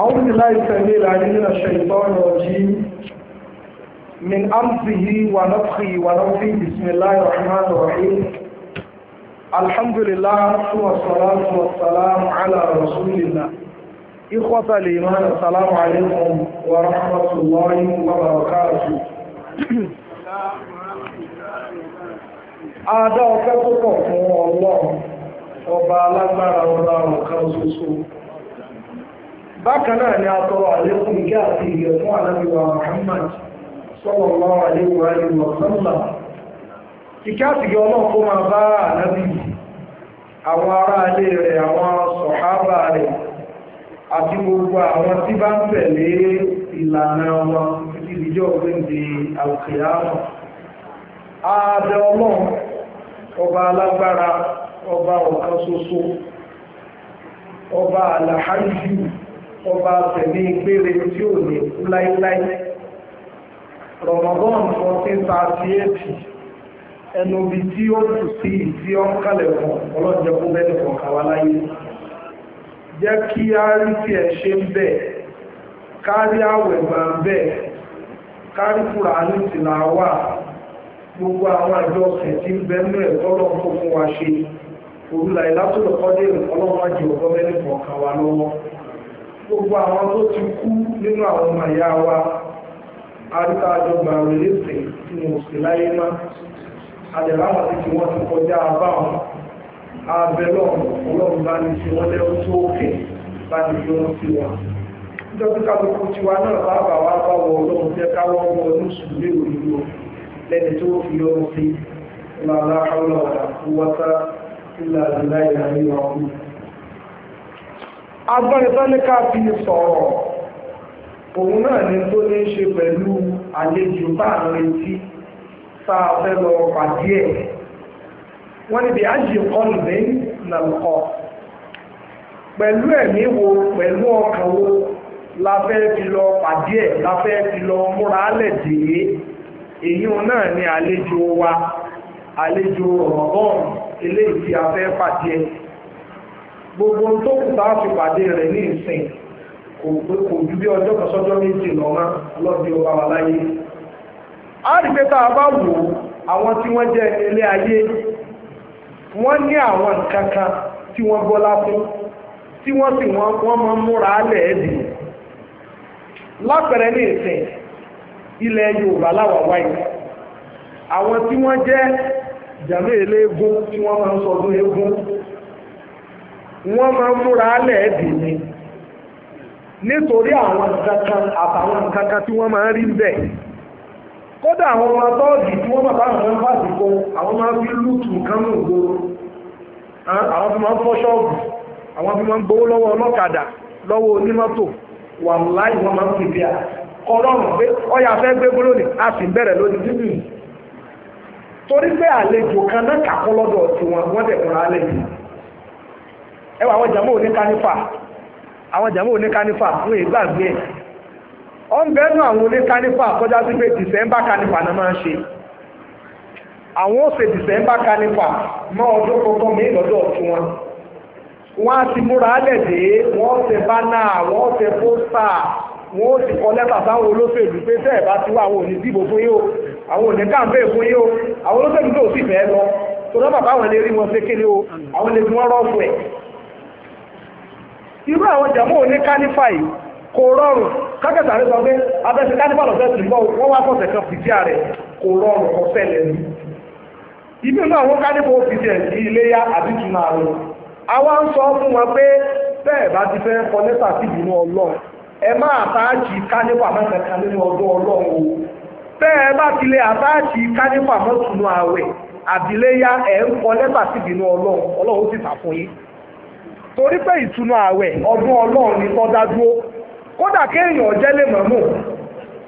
أعوذ الله السميع العليم من الشيطان الرجيم من أمسه ونفخه ونفخه بسم الله الرحمن الرحيم الحمد لله والصلاة والسلام على رسول الله إخوة الإيمان السلام عليكم ورحمة الله وبركاته Adá ọpẹ́ tó pọ̀ fún Ọlọ́run, ọba alágbára ọba ọ̀kan ṣoṣo. bákan náà ni a tọrọ àlékún ìkẹ́ àti ìyẹ̀ fún ànábì wa Muhammad sallallahu alaihi wa wa àti ìyẹ̀ ọlọ́run kó máa bá ànábì àwọn ará ilé rẹ̀ àwọn sọ̀hábà rẹ̀ àti gbogbo àwọn tí bá ń tẹ̀lé ìlànà wọn títí ìjọ ààbẹ̀ ọba alágbára ọba ọ̀kan ṣoṣo ọba ọba tẹ̀lé gbére tí ò ní kú láíláí rọmọbọ́n fourteen thirty eight ẹnu bí tí ó tù sí ìdí ọ̀kàlẹ̀ kan ọlọ́jọ́ kó bẹ́ẹ̀ nìkan kà wá láyé jẹ́ kí á rí tí ẹ ṣe ń bẹ̀ kárí àwẹ̀ gbà ń bẹ̀ kárí Kùránì tìláwà gbogbo àwọn àjọ ọ̀sẹ̀ tí ń bẹ nínú ẹ̀tọ́ tó fún wa ṣe òrùlà ìlàtọ̀lọ́kọ́dé ọlọ́run àjẹ́ ọ̀gọ́mẹ́rin kọ̀ọ̀kan wa lọ́wọ́ gbogbo àwọn tó ti kú nínú àwọn ọmọ ìyá wa àríkàjọgbà rèlésè tí mo sì láyé má àdẹ̀láwọn ti fi wọ́n ti kọjá báwọn abẹ́lọ́ ọlọ́run bá ní ṣe wọ́n lẹ́rú tó òkè bá ní ṣe wọ́n sí wọn nítorí kálukú tiwa náà bá bà wá bá wọ ọlọ́run jẹ́ káwọ́ wọ inú sùúrù òyìnbó lẹ́ni tó fi yọrùn sí làlá àwọn ọ̀dà kú wáta ìlàlá ìlàlá agbára ní ká fi sọ̀rọ̀ òun náà ni tó ní ṣe pẹ̀lú àlejò bá ń retí tá a fẹ́ lọ pàdé ẹ̀ wọ́n ní bí ájì kọlù ní nàlùkọ́ pẹ̀lú ẹ̀mí wo pẹ̀lú ọkàn wo la fẹ́ fi lọ pàdé ẹ̀ la fẹ́ fi lọ múra lẹ̀dẹ̀ẹ́ èyí náà ni àlejò wa àlejò rọ̀bọ́n eléyìí tí a fẹ́ pàdé ẹ̀. gbogbo tó kù tá a fi pàdé rẹ̀ ní ìsìn kò ju ọjọ́ kan sọ́jọ́ méjì lọ́mọ lọ́dí ọba wa láyé a a bá wò tí wọ́n jẹ́ ilé ayé wọ́n ní àwọn nǹkan kan tí wọ́n bọ́lá fún tí wọ́n sì wọ́n wọ́n máa múra alẹ́ ẹ̀dì lápẹ̀rẹ̀ ní ìsìn ilẹ̀ Yorùbá láwà wáyé àwọn tí wọ́n jẹ́ jàmé wọ́n máa ń múra lẹ́ẹ̀dì ni nítorí àwọn kankan àtàwọn kankan tí wọ́n máa ń rí bẹ́ẹ̀ kódà àwọn ọmọ tọ́ọ̀dì tí wọ́n bàbá àwọn fásitì àwọn máa fi lùtù nǹkan nù àwọn fi máa ń fọ́ ṣọ́ọ̀bù àwọn fi máa ń gbowó lọ́wọ́ ọlọ́kadà lọ́wọ́ onímọ́tò wà láì wọ́n máa ń pé ọyà fẹ́ gbé a sì bẹ̀rẹ̀ torí pé àlejò kan ẹwà àwọn jàmọ́ òní kánífà àwọn jàmọ́ òní kánífà wọn èyí gbàgbé nù àwọn òní kánífà kọjá sí pé dìsẹ́mbà kánífà náà máa ń ṣe àwọn òsè dìsẹ́mbà kánífà ọdún mi lọ́dọ̀ ọ̀tún wọn á ti múra alẹ̀ dé ṣe ṣe pósítà pé bá wá àwọn òní dìbò fún àwọn òní fún àwọn olóṣèlú tó sì fẹ́ lọ tó lọ́ bàbá àwọn wọn o àwọn rọ́ọ̀fù irú àwọn jàmọ́ òní kánífà kò rọrùn kákẹ́sà rẹ sọ pé abẹ́sẹ̀ kánífà lọ́sẹ̀ tì bọ́ wọ́n wá fọ̀sẹ̀ kan fìdí rẹ̀ kò rọrùn kò fẹ́lẹ̀ ní. ibi náà wọ́n kánífà òfìdí ẹ̀ sí iléyà àbí tùnú àrùn. àwa ń sọ fún wọn pé bẹ́ẹ̀ bá ti fẹ́ kọ lẹ́tà sí ìbínú ọlọ́run ẹ kánífà mẹ́ta kan nínú ọdún ọlọ́run o bẹ́ẹ̀ bá kánífà àwẹ̀ àbíléyà ẹ̀ ń kọ lẹ́tà sí ìbínú ọlọ́run ọlọ́run ó sì tà torí pé ìtúnu ààwẹ̀ ọdún ọlọ́run ni tọ́ dádúró kódà kéèyàn jẹ́ lè mọ̀mọ́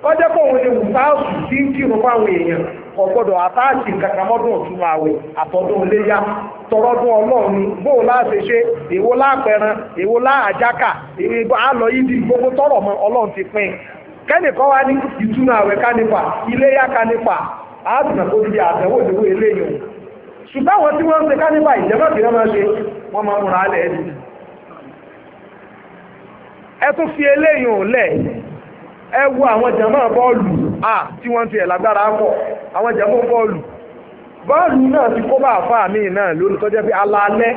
kọjá pé òun ni wùsáàsù tí ń kírun fáwọn èèyàn kò gbọdọ̀ àtàkì kankan ààwẹ̀ àtọ́dún iléyà tọrọdún ọlọ́run ni ṣe èwo láàpẹran àlọ́ yìí gbogbo tọrọ ṣùgbọ́n àwọn tí wọ́n ń ṣe kánífà ìjọba tí wọ́n máa ṣe wọ́n máa múra lẹ̀ ẹ́ ẹ tún fi eléyìí ò lẹ̀ ẹ wo àwọn jàmbá bọ́ọ̀lù à tí wọ́n ti ẹ̀ lágbára pọ̀ àwọn jàmbá bọ́ọ̀lù bọ́ọ̀lù náà ti kó bá àfa mi náà lórí tọ́jẹ́ pé alaalẹ́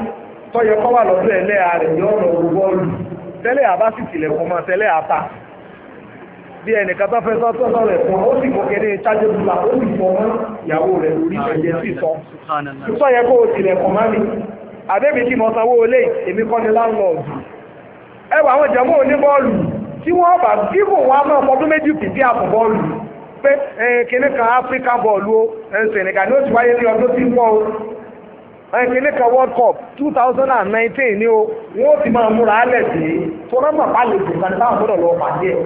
tọ́yẹ kọ́ wà lọ́dún ẹ̀lẹ́ ààrẹ yọ̀ọ̀rọ̀ bọ́ọ̀lù tẹ́lẹ̀ àbá sì tilẹ̀kùn mọ́ tẹ́lẹ̀ àta bí ẹnìkan bá fẹ́ sọ́tọ́ lọ́rọ̀ ẹ̀fọn ó sì kòkèrè chájé bùlà ó sì fọ́ mọ́ ìyàwó rẹ̀ lórí ah, ẹ̀jẹ̀ sí sọ sọ yẹ kó o tilẹ̀ kàn má mi àbẹ́bí tí mo sanwó olé èmi kọ́ ni láńlọ́ọ̀dù ẹwà àwọn ìjọba òní bọ́ọ̀lù tí wọ́n bá kíkò wọn náà fọdún méjì pìpì àpọ̀ bọ́ọ̀lù pé kìnní kan áfíríkà bọ́ọ̀lù ó Senegal ní ó ti wáyé ní ọdún tí ń bọ̀ ó kìnní kan World Cup 2019 ni ó wọ́n ti máa múra álẹ̀ dé tó rọ́mọ̀ pálẹ̀ ìgbìkan táwọn gbọ́dọ̀ lọ pàdé ẹ̀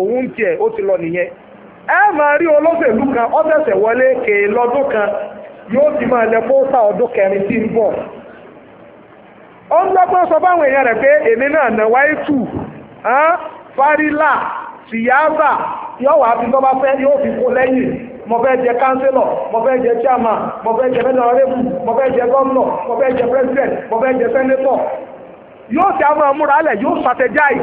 òun tiẹ̀ ó ti lọ nìyẹn ẹ máa rí olóṣèlú kan ó ṣẹ̀ṣẹ̀ wọlé kè é lọ́dún kan yóò ti máa lẹ fóòsà ọdún kẹrin tí ń bọ̀ ó ń gbọ́ pé ó sọ fáwọn èèyàn rẹ̀ pé èmi náà nà wáyé tù fárílà tìyáàbà yóò wá fi lọ́ba fẹ́ yóò fi kó lẹ́yìn mo fẹ́ jẹ kánsílọ̀ mo fẹ́ jẹ chairman mo fẹ́ jẹ mẹ́ta ọ̀rẹ́bù mo fẹ́ jẹ gómìnà mo fẹ́ jẹ president mo fẹ́ jẹ senator yóò ti àwọn amúra alẹ̀ yóò strategize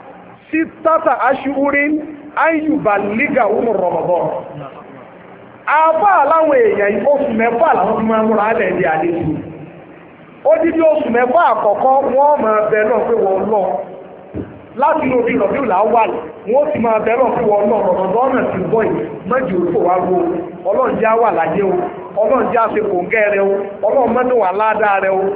sítátà aṣíwúrín ayùbá lígà wúmù rọ̀mọ̀bọ̀. Àbá aláwọn èèyàn oṣù mẹ́fà làwọn fi máa ń múra alẹ́ ala àlejò. Ó di odidi oṣù mẹ́fà àkọ́kọ́ wọ́n máa bẹ náà pé wọ́n lọ. Láti inú là wà ti bẹ náà pe wọ́n lọ rọ̀mọ̀bọ̀ náà ti bọ̀ yìí. Mọ́jì òfò láyé o, ọlọ́run ń gẹ́rẹ́ o, o,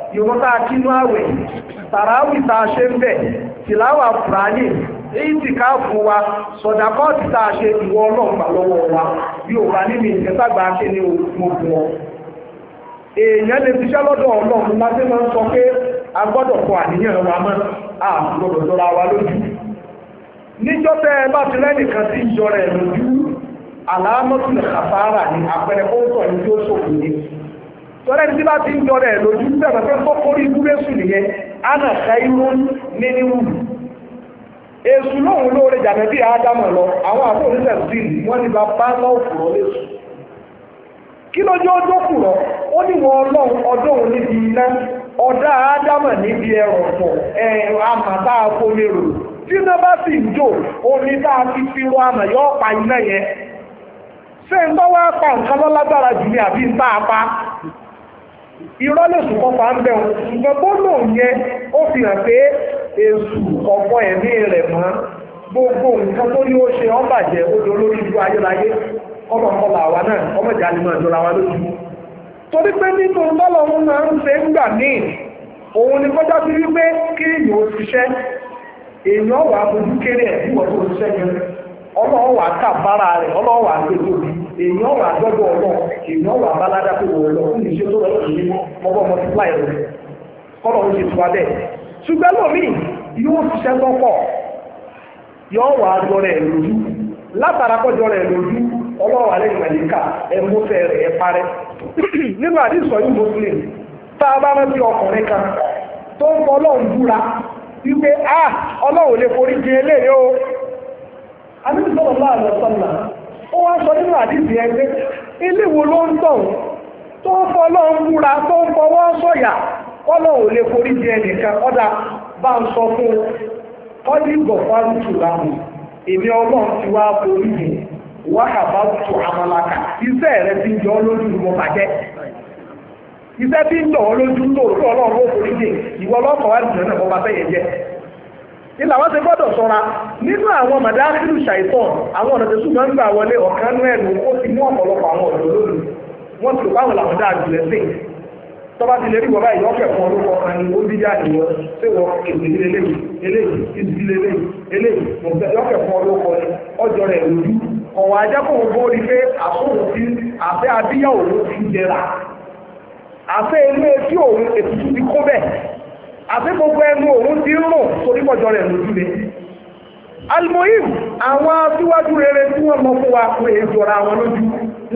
ìwọ́n tá a kínú àwẹ̀ tàràwì tá a ṣe ń bẹ̀ tìláwà èyí ká fún wa sọ̀dàkọ́ ti tá a ṣe ìwọ ọlọ́ọ̀gbà lọ́wọ́ wa bí ò bá nínú ìtẹ́sàgbà ṣe ní ogun ọ èèyàn lè fi ṣẹ́lọ́dọ̀ ọlọ́run láti máa ń sọ pé a gbọ́dọ̀ kọ àníyàn wa mọ́ lọ́ra wa lójú níjọ́ tẹ́ ẹ bá ti lójú àlámọ́tún tọ́lá ẹni bá ti ń jọ rẹ̀ lójú fẹ́ kórí nìyẹn ana kairu nínú wù èṣù lóhun lóore jàdẹ́ bí lọ àwọn àbúrò nílẹ̀ sí wọ́n ní bá bá lọ́ òkùrọ̀ lẹ́sù kí lójú ọjọ́ kùrọ̀ ó ní wọn ọlọ́run ọdún òun níbi iná níbi tí iná bá sì ń jò omi tá a fi fi irọ́ lè sùn kọfà ń bẹ̀rù ṣùgbọ́n gbọ́dọ̀ yẹn ó fi hàn pé èsù ọ̀pọ̀ ẹ̀mí rẹ̀ gbogbo nǹkan tó ní ó ṣe ọ́n bàjẹ́ ó do lórí ibú ayérayé ọlọ́mọlá àwa náà ọmọdé alimọ̀ ìjọra wa lójú torí pé nínú lọ́lọ́run máa ń ṣe ń gbà míì wípé kí èèyàn ó ṣiṣẹ́ èèyàn wà á kéré ẹ̀ bí èèyàn wà gbọ́dọ̀ ọlọ́ èèyàn wà bálada tó wọ̀ ọlọ́ fún ìṣe tó lọ ní rẹ̀ kọ́lọ̀ ń ṣe tó abẹ́ ṣùgbọ́n lómi yóò ṣiṣẹ́ tọ́pọ̀ yóò rẹ̀ lójú rẹ̀ lójú ọlọ́wà lẹ́yìn rẹ̀ ẹ parẹ́ nínú àdìsọ yìí muslim tá a bá ọkùnrin kan tó ń ó wá sọ nínú àdìsí ẹgbẹ́ eléwo ló ń tọ̀hún tó ń fọlọ́ ń múra tó ń fọwọ́ sọ̀yà kọ́lọ̀ ò lè forí di ẹnìkan bá ń sọ fún un kọ́dí gọ̀fárù tù láàmù èmi ọlọ́run ti wá forí di tù iṣẹ́ rẹ ti ń jọ lójú mọ́ bàjẹ́ ilà wọn ti gbọ́dọ̀ ṣọ́ra nínú àwọn màdáàkìlù ṣàìtàn àwọn ọ̀nà tẹ̀sùn máa ń gbà wọlé ọ̀kan nú ẹ̀nu ó ti mú ọ̀pọ̀lọpọ̀ àwọn ọ̀dọ́ lónìí wọ́n ti báwọn làwọn dáa jù lẹ́sìn tọ́ba ti lè rí wọ́n báyìí ọ̀fẹ́ fún ọdún kọkàn ni ó dídí àdìwọ́ pé wọ́n kèké ní eléyìí eléyìí ìdílé eléyìí eléyìí ọ̀fẹ́ fún ọdún kọ ni ọjọ́ rẹ̀ lójú ọ̀wọ́ ajá kò wọ́n bó rí pé àsóhùn ti àfẹ́ abíyá òun ti jẹrà àfẹ́ ilé tí òun ètùtù ti kó bẹ́ẹ̀ àti gbogbo ẹnu òun ti ń rùn torí pọ̀jọ rẹ̀ lójú almohim àwọn aṣíwájú rere tí wọ́n mọ fún wa pé èso ara wọn lójú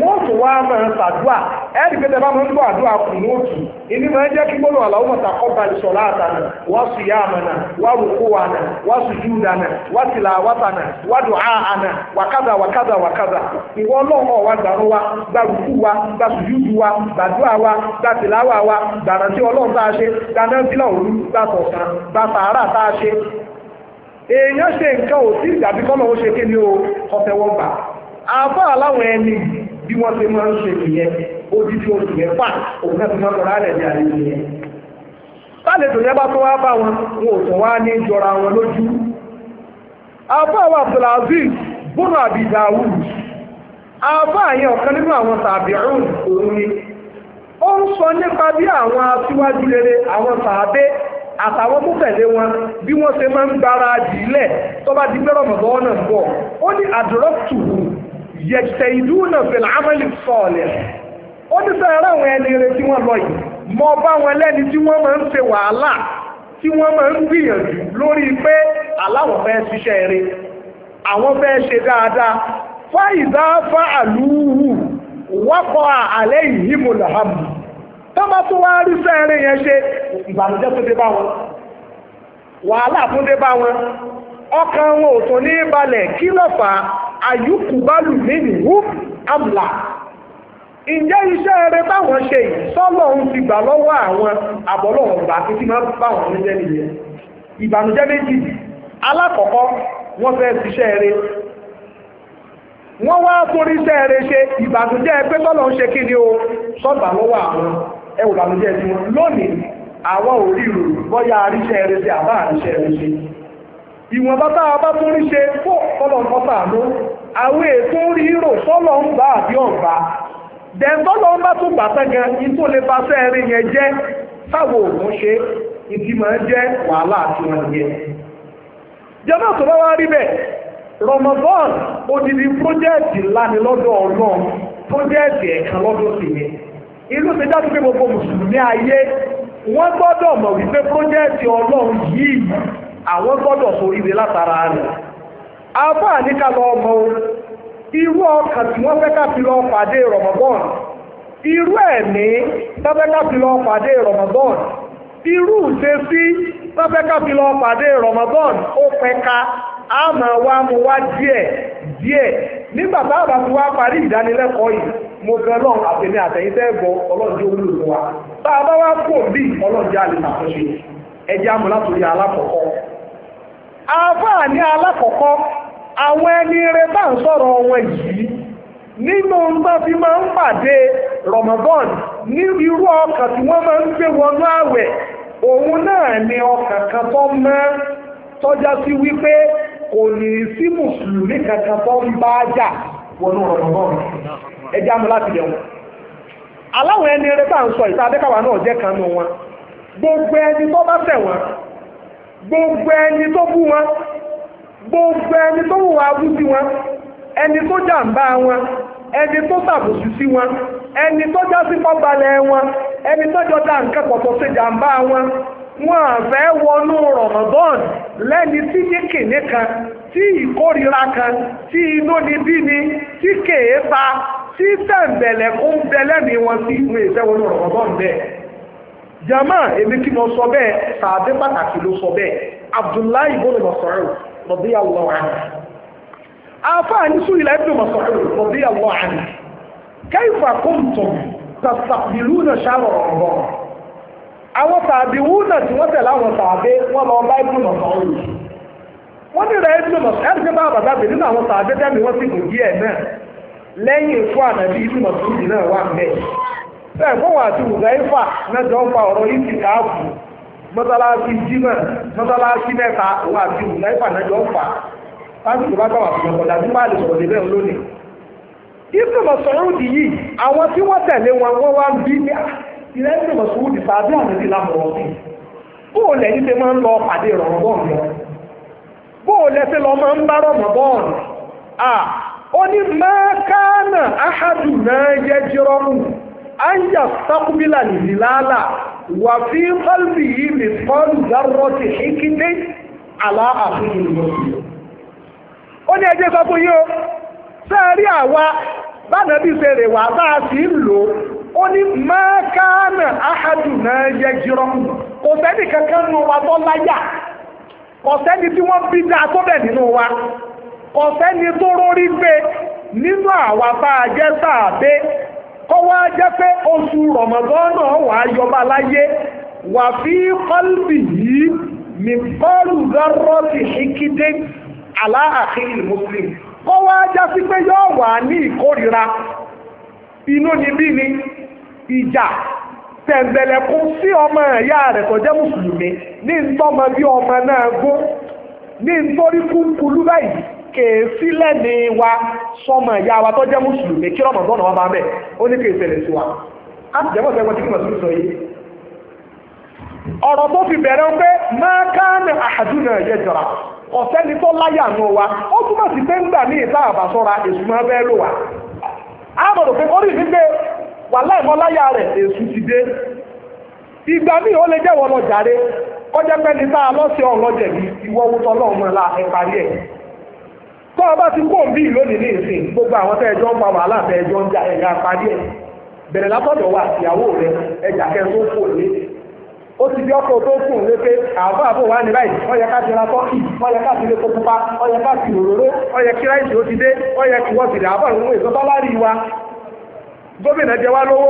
wọ́n tún wá máa ṣàdúà ẹ̀rí pé tẹ́lá máa ń gbọ́ àdúà kù lóòtù ìní máa ń jẹ́ kí gbọ́dọ̀ àlàó mọ̀ta kọ́ba ìṣọ̀lá àtànà wá sù yá àmàna wá rúkú àná wá sù jù dànà wá tìlà àwátànà wá dùn á àná wàkàdà wàkàdà wàkàdà ìwọ ọlọ́run wa gbàrún wa gbà rúkú wa gbà sù jù wa gbàdúà wa gbà tìlà wa wa gbàrà tí ọlọ́run tá a ṣe dáná sílẹ̀ òru gbà tọ̀sán gbà sàárà tá bí wọ́n ṣe máa ń ṣe nìyẹn ó di tí oṣù mẹ́fà òun náà fi máa ń lọ́ra rẹ̀ ní àlejò yẹn. tálejò yẹn bá tó wá bá wọn wọn ò tún wá ní jọra wọn lójú. àbáwọ̀ abdulaziz bọ́nà àbí dawud àbá àyẹn ọ̀kan nínú àwọn tàbíùn òun ni ó ń sọ nípa bí àwọn aṣíwájú rere àwọn tàbí àtàwọn tó tẹ̀lé wọn bí wọ́n ṣe máa ń gbára jìílẹ̀ tó bá di pé rọ̀mọ̀bọ́ náà bọ̀ ó ní àdúrà tùwù yẹ̀tẹ̀ ìlú náà fẹ̀lẹ̀ amẹ́lì sọ̀ọ̀lẹ̀ ó ní sẹ́yìn àwọn ẹni rẹ̀ tí wọ́n lọ yìí mọ bá wọn lẹ́ni tí wọ́n máa ń ṣe wàhálà tí wọ́n máa ń gbìyànjú lórí pé aláwọ̀ fẹ́ ṣiṣẹ́ rẹ̀ àwọn fẹ́ ṣe dáadáa fáìdá fa àlùhù wọ́pọ̀ àlẹ́ ìhìmù làhàmù tó bá tún wá rí sẹ́ẹ̀rẹ̀ yẹn ṣe ìbànújẹ́ tó dé bá wọn wàhálà tó dé bá wọn ọkàn wọn ò tún ní balẹ̀ kí ló àyùkùbálù nínú wúf amla ǹjẹ́ iṣẹ́ rẹ báwọn ṣe yìí sọ́lọ̀ ń fi gbà lọ́wọ́ àwọn àbọ̀lọ̀ ọ̀gbà àti tí máa báwọn ní jẹ́ nìyẹn ìbànújẹ́ méjì alákọ̀ọ́kọ́ wọ́n fẹ́ ṣiṣẹ́ rẹ wọ́n wá forí iṣẹ́ rẹ ṣe ìbànújẹ́ pé sọ́lọ̀ ń ṣe kí ni o sọ́gbà lọ́wọ́ àwọn ẹwù ìbànújẹ́ tí wọ́n lónìí àwọn ò rí ìròyìn bọ́yá aríṣẹ́ rẹ ṣe àbá àríṣẹ́ rẹ ṣe ìwọ̀nba tá bá tún rí fàánú àwọn ètò orí rò sọ́lọ́ ń bá àbí ọ̀gbà dẹ̀ntọ́ lọ bá tún gbà sẹ́gan in tó lè bá sẹ́ẹ̀rí yẹn jẹ́ táwọn òun ṣe ìdí máa jẹ́ wàhálà àti wọn yẹn jẹ́mọ́ tó bá wá rí bẹ́ẹ̀ Ramadan odidi pọ́jẹ́ẹ̀tì ńlá ni lọ́dọ̀ ọlọ́run pọ́jẹ́ẹ̀tì ẹ̀kan lọ́dọ̀ inú ti dájú pé gbogbo mùsùlùmí ayé wọ́n gbọ́dọ̀ mọ̀ wípé pọ́jẹ́ẹ̀tì ọlọ́run yìí àwọn gbọ́dọ̀ sórí látara rẹ̀ afọ àníkà lọ ọmọ tí lọ pàdé rọ̀mọ̀bọ́ọ̀n irú ẹ̀mí tó fẹ́ ká fi lọ ìṣesí ó a máa wá mu wá nígbà tá a bá fi wá parí ìdánilẹ́kọ̀ọ́ yìí mo fẹ́ lọ́n àtẹ̀mí àtẹ̀yìntẹ́ ẹ̀gbọ́ ọlọ́dún olú wa tá a bá wá àáfàá ní alákọ̀ọ́kọ́ àwọn ẹni rẹ̀ bá ń sọ̀rọ̀ wọn yìí nínú bá fi máa ń pàdé Ramadan ní irú ọkà tí wọ́n ma ń gbé wọnú àwẹ̀ òun náà ni ọkà kan tó mọ́ tọ́já sí wípé kò ní sí mùsùlùmí kankan tó ń bá jà wọnú Ramadan ẹjẹ́ amú láti yẹ̀ wọ́n aláwọ̀ ẹni rẹ̀ ń sọ ìta adékàwá náà jẹ́ kan wọn gbogbo ẹni tó bá ṣẹ̀ wọ́n gbogbo ẹni tó bú wọn gbogbo ẹni tó wùwà abú sí wọn ẹni tó jàǹbá wọn ẹni tó tàbùsù sí wọn ẹni tó já sí pọ́gbalẹ̀ wọn ẹni tó jọ dá nǹkan pọ̀tọ̀ sí jàǹbá wọn wọn àfẹ́ wọnú Ramadan lẹ́ni tí ní kìnní kan tí ìkórira kan tí inú ni bí ni tí kèé pa tí tẹ̀m̀bẹ̀lẹ̀ bẹ wọn sí ìwé ìfẹ́ wọnú jama èmi kí mo sọ sàdé pàtàkì ló sọ abdullahi ibn Mas'ud radiyallahu anhu àfààní sùhìlà ibn Mas'ud radiyallahu anhu kayfa kuntum tastaqbiluna shahra Ramadan àwọn tàbí wúnà tí wọ́n tẹ̀lé àwọn tàbí lọ bá bá bàbá ti gùn díẹ̀ náà lẹ́yìn ikú ànàbí ibn náà ẹ̀fọ́n eh, àti Huzaifa mẹ́jọ ń fa ọ̀rọ̀ ti káàkù mọ́tàláṣí jímọ̀ mọ́tàláṣí mẹ́ta òun àti Huzaifa mẹ́jọ ń fa láti tó bá gbà wà fún ọkọ̀ dàbí máa lè sọ̀rọ̀ débẹ̀ lónìí. Ibn Mas'ud yìí àwọn tí wọ́n tẹ̀lé wọn wọ́n wá bí ní ah, ilẹ̀ Ibn Mas'ud sàbí àmì bóò lẹ́yìn ṣe máa anya sakubila nìlálà wà fi kọ́lbì yìí lè kọ́lù dárọ́tì ìkíndé aláàfin ìlú. ó ní ẹjẹ́ sọ fún yín o sẹ́ẹ̀rí àwa bánàbí ṣe rè wá bá a sì ń lò ó ní mẹ́kánà áhàdù náà yẹ jírọ́ kò sẹ́ni kankan nù wa tó láyà kò sẹ́ni tí wọ́n bí dáa tó bẹ̀ nínú wa kò sẹ́ni tó rórí gbé nínú àwa bá a jẹ́ sáà dé kọwa wá jẹ́ pé oṣù rọ̀mọ̀gọ́nà wà yọba láyé wà fi yìí ní kọ́lù gọ́rọ́ ti ṣíkídé aláàkí muslim kọwa jẹ́ sí pé yóò wà ní ìkórira inú ni bí ni ìjà tẹ̀m̀bẹ̀lẹ̀kún sí ọmọ ẹ̀yà rẹ̀ tó jẹ́ mùsùlùmí ní ntọ́mọ bí ọmọ náà gún ní kèéfì lẹ́ni wa sọmọ ìyá wa tó jẹ́ mùsùlùmí kí ọmọ bọ́ọ̀nà wọn bá bẹ̀ ó ní kí sí wa á jẹ́mọ̀ tí kí màsùlùmí sọ yìí. ọ̀rọ̀ tó fi bẹ̀rẹ̀ pé máa káàmì àdúnà yẹ jọra ọ̀sẹ́ni tó láyà nù wa ó túmọ̀ sí pé ní ìta máa bẹ́ẹ̀ lò á rẹ̀ ti dé ìgbà míì ó lè tó ọba ti kó òbí lónìí ní ìsìn gbogbo àwọn tẹ́ ẹjọ́ ń pa wàhálà tẹ́ ẹjọ́ ń ja ẹ̀yà parí ẹ̀ bẹ̀rẹ̀ látọ̀dọ̀ wa àtìyàwó rẹ ẹjà kẹ́ tó kù lé ó ti di ọkọ̀ tó kù lé pé àbá àbò wà ní báyìí ó yẹ ra tọ́kì lè kópa òróró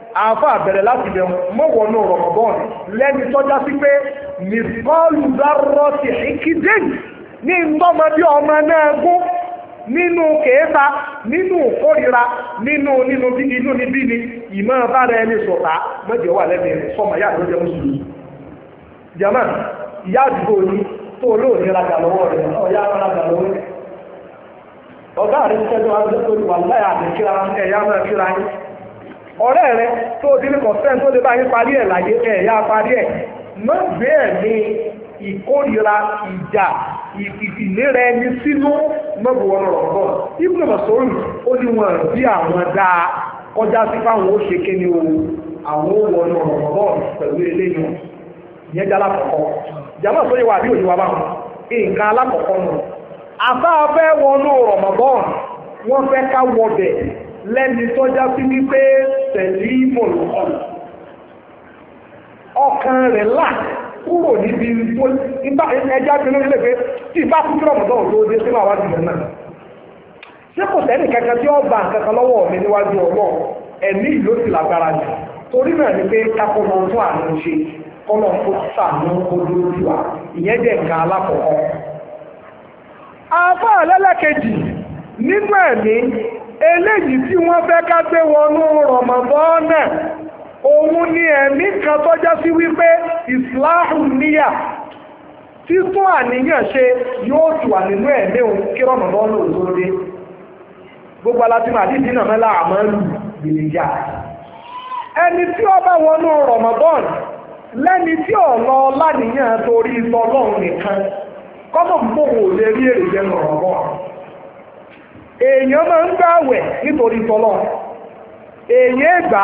àáfà bẹ̀rẹ̀ láti bẹ̀ mọ́wọ́ rọ̀mọ̀bọ́n lẹ́ni tọ́já sí pé nìkọ́lù dárọ́ ti ní ntọ́mọdé ọmọ náà gún nínú kèéta nínú kórìíra nínú nínú inú níbí ni ìmọ̀ bára ẹni sọ̀tà wà lẹ́nu yá àdúgbò jẹun sùn. jama ìyá àdúgbò yìí tó lọ́wọ́ rẹ̀ lọ́wọ́ ọ̀gá àdúgbò wà láyà ẹ̀yà kíra yín ọ̀rẹ́ rẹ tó o ti ní consent tó lè bá yín parí ẹ̀ láyé ẹ̀ yá parí ẹ̀ má gbé ẹ̀mí ìkórira ìjà ìfìfìlérẹ ẹni sínú mọ́bùwọ́n rọ̀gbọ́n ibùdó mọ̀sọ́rù ó ní o àwọn ó wọnú rọ̀gbọ́n pẹ̀lú eléyìí ìyẹn jẹ́ alákọ̀ọ́kọ́ jàmọ́ sóyè wà bí òye wa báwọn nǹkan alákọ̀ọ́kọ́ wọ́n fẹ́ ká wọbẹ̀ lẹ́ni tó já sí wípé tẹ̀lé mọ̀lọ́kàn ọkàn rẹ̀ là kúrò níbi tó nígbà ẹja lórí lẹ́gbẹ́ tí bá kú kílọ̀mù náà tó dé sínú náà ṣé kò kankan tí ó bá nǹkan lọ́wọ́ mi níwájú ọmọ ẹ̀mí ìlú lágbára jù torí náà ni pé ṣe kọ́lọ̀ kó sàánú kó dúró eléyìí tí wọ́n fẹ́ ká gbé wọnú rọ̀mọ̀bọ́nà òun ni ẹ̀mí kan tó sí wípé ìsìláàhù níyà títún àníyàn ṣe yóò tù wà nínú ẹ̀mí òun kí rọ̀mọ̀bọ́nà òdòdó gbogbo alátìmọ̀ àti ìdínà mẹ́lá àmọ́ lù gbìyànjá ẹni tí ó bá wọnú lẹ́ni tí láníyàn torí ìtọ́lọ́run nìkan kọ́mọ̀ òun lè rí èrè èèyàn máa ń gbààwẹ̀ nítorí tọ́lọ́ èèyàn ègbà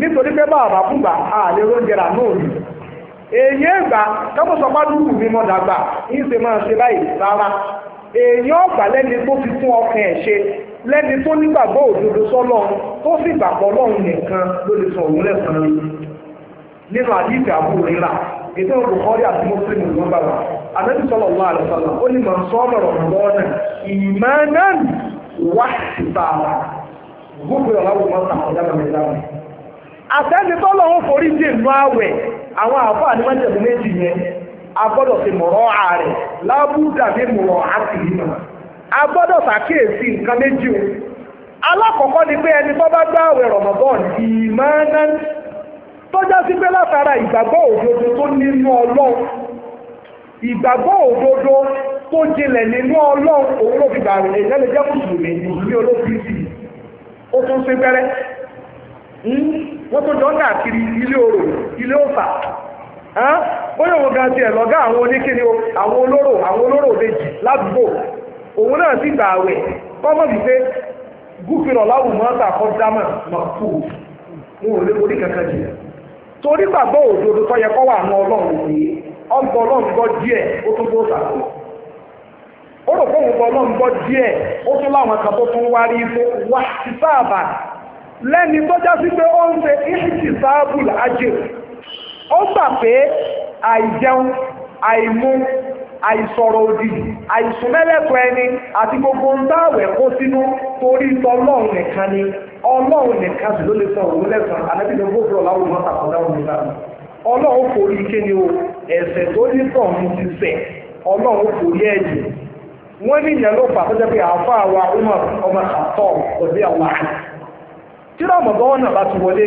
nítorí pé bàbá fúngbà àlè oúnjẹ rà náà rí èèyàn ègbà kámọ́sọ pádùkù mi mọ́ dàgbà ń ṣe máa ṣe báyìí rárá èèyàn lẹ́ni tó fi fún ọkàn ẹ̀ ṣe lẹ́ni tó nígbàgbọ́ òdodo sọ́lọ́ tó sì gbàgbọ́ nìkan ló lè sọ òun lẹ́sàn-án nínú àbúrò rírà ètò olùkọ́rí àti wáṣíbàrà gómìnà láwùjọ máa ń tàkọ̀ dáná mi dáná. tó lọ́wọ́ forí nù àwẹ̀ àwọn wọ́n méjì yẹn mọ̀rọ́ ààrẹ lábúdà bí mọ̀rọ̀ sàkíyèsí nǹkan méjì o alákọ̀ọ́kọ́ ni pé ẹni tó bá gbá àwẹ̀ rọ̀mọ̀bọ́n tó já sí pé tó jinlẹ̀ nínú ọlọ́run òun ló fi gbà rẹ̀ èyí jẹ́ mùsùlùmí mùsùlùmí olókìrìsì ó tún sí hmm? wọ́n tó jọ ń dà kiri ilé orò ilé òfà bóyá òun gan tiẹ̀ lọ́gá àwọn oníkíni o àwọn olóró àwọn olóró ládùúgbò òun náà sì gbà àwẹ̀ kọ́mọ̀ pé kọ́ dámà orí kankan torí gbàgbọ́ òdodo ó rò fóun díẹ̀ ó tún láwọn kan tó tún wá rí pé wá sí sáàbà lẹ́ni tó já sí pé ó ń ṣe ìṣìṣì sáàbù ó gbà pé àìjẹun àìmú àìsọ̀rọ̀ òdì ẹni àti gbogbo ń bá kó sínú torí tọlọ́run ni ọlọ́run nìkan sì ló lè sọ òun lẹ́sàn-án nígbà mi ọlọ́run kò o tó ní sọ̀run ti ọlọ́run kò wọ́n ní ìyẹn ló fà tó jẹ́ pé àáfà wa Umar ọmọ àtọ̀ òbí àwọn àti tí Ramadan náà bá ti wọlé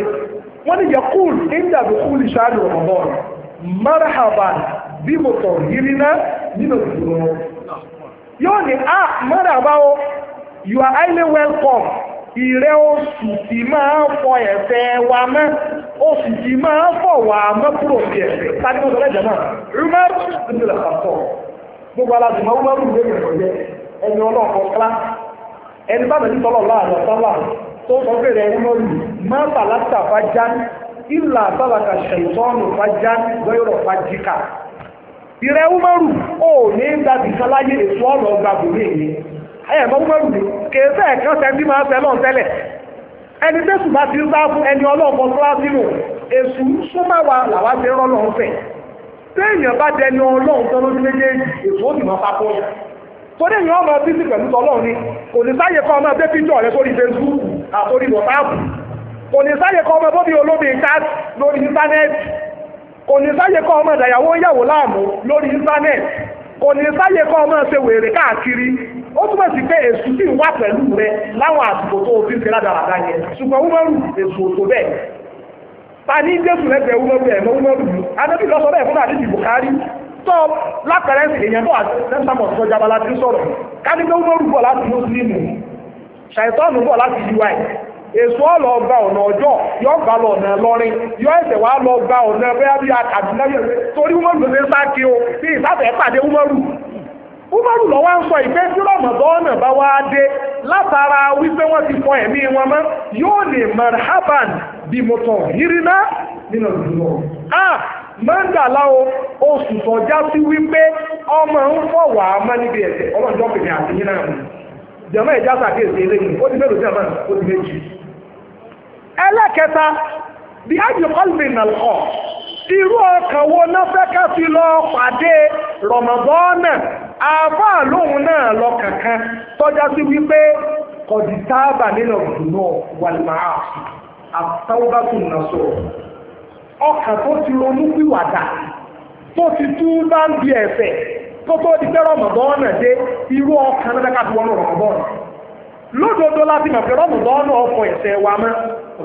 wọ́n ní yẹ kúl nígbà tó ṣáájú Ramadan marhaban bí mo tọ̀ yìí nínú ìdúró yóò ní ah, a o you are highly welcome ìrẹ́ máa fọ ẹ̀fẹ́ wa máa fọ kúrò ní ẹ̀fẹ́ gbogbo aláàbò máa wúlọ́rù ìwé ìrìnàjò jẹ ẹni ọlọ́ọ̀kọ́ kílá ẹni bá mẹ́lí tọ́lọ̀ láàrín ọ̀sánlá tó sọ pé rẹ̀ ẹ̀rọ lù máa bà látà fájá ìlà àbábàkà ṣẹ̀tọ́ọ̀nù fájá gbẹ́rọ̀ fájíkà ìrẹ̀ Umaru ò ní gbàgbé sáláyé èso ọ̀rọ̀ gbàgbé mi ẹ̀yẹ̀ mọ́ Umaru ni kèéfẹ́ ẹ̀kan sẹ́ńtì máa fẹ́ lọ́n tẹ́lẹ̀ ẹni tẹ́sùn bá ti ń sá fún ẹni ọlọ́ọ̀kọ́ kílá sínú èsù súnmáwá làwá ti rọ́ lọ́n fẹ́ téèyàn bá dẹni ọlọ́run tán lójú méjèèjì èso ó máa papọ̀ yẹn torí èèyàn ọmọ ni kò ní sáyè kọ́ ọmọ bẹ́píjọ́ rẹ sórí Facebook àtòrí kò ní sáyè kọ́ ọmọ bóbi olóbi chat lórí íńtánẹ́ẹ̀tì kò ní sáyè kọ́ ọmọ ìdàyàwó ìyàwó láàmú lórí kò ní ọmọ ṣe ó túmọ̀ sí pé sì wá pẹ̀lú ta ní jésù lẹ́gbẹ̀ẹ́ wúmọ́rù ẹ̀mọ́ wúmọ́rù yìí anábì lọ́sọ bẹ́ẹ̀ fún àdìsí Bukhari tó lápẹ̀rẹ́ sí èèyàn tó àtẹ́sàmọ̀ tó jaba láti sọ̀rọ̀ ká ní pé wúmọ́rù bọ̀ láti mùsùlùmù ṣàìtọ́nù bọ̀ láti ui èso ọlọ gba ọ̀nà ọjọ́ yọ gba lọ ọ̀nà lọ́rin yọ ẹsẹ̀ wá lọ gba ọ̀nà bẹ́ẹ̀ bí akadúnáyọ̀ torí wúmọ́rù ló ṣe ń sá kí o bí ìsáfẹ́ pàdé wúmọ́rù umaru lọ wá ń sọ ìfẹ́ tí rọmọdọ́nà bá wá dé látara wípé wọ́n ti fọ ẹ̀mí wọn mọ́ yóò ní marhaban bí mo tọ̀ yírínà nínú ìdúró ah mọ́ńdàlá o oṣù tọ́já sí wípé ọmọ ń fọ̀ wá mọ́ níbi ẹ̀sẹ̀ ọlọ́jọ́ pèmí àti yín náà jẹ̀mọ́ ìjà sàkéèsì eléyìí ó ti mélòó jẹ̀mọ́ ó ti méjì ẹlẹ́kẹta bí ájú kọ́lùmí nàlọ́ irú ọkàn wo náà fẹ́ ká fi lọ pàdé rọ̀mọ̀bọ́ọ̀nà àáfàá lóhun náà lọ kankan tọ́já sí wípé kọ̀dí sáábà nínú ìdùnnú wàlùmáà àtàwọ́bàtún náà sọ̀rọ̀ ọkàn tó ti ronú pìwàdà tó ti tú bá ń bi ẹ̀fẹ̀ tó tó di pé rọ̀mọ̀bọ́ọ̀nà dé irú ọkàn náà fẹ́ ká fi wọnú rọ̀mọ̀bọ́ọ̀nà lódodo láti mọ̀ pé rọ́mù lọ́nà ọkọ̀ ẹ̀sẹ̀ wa mọ́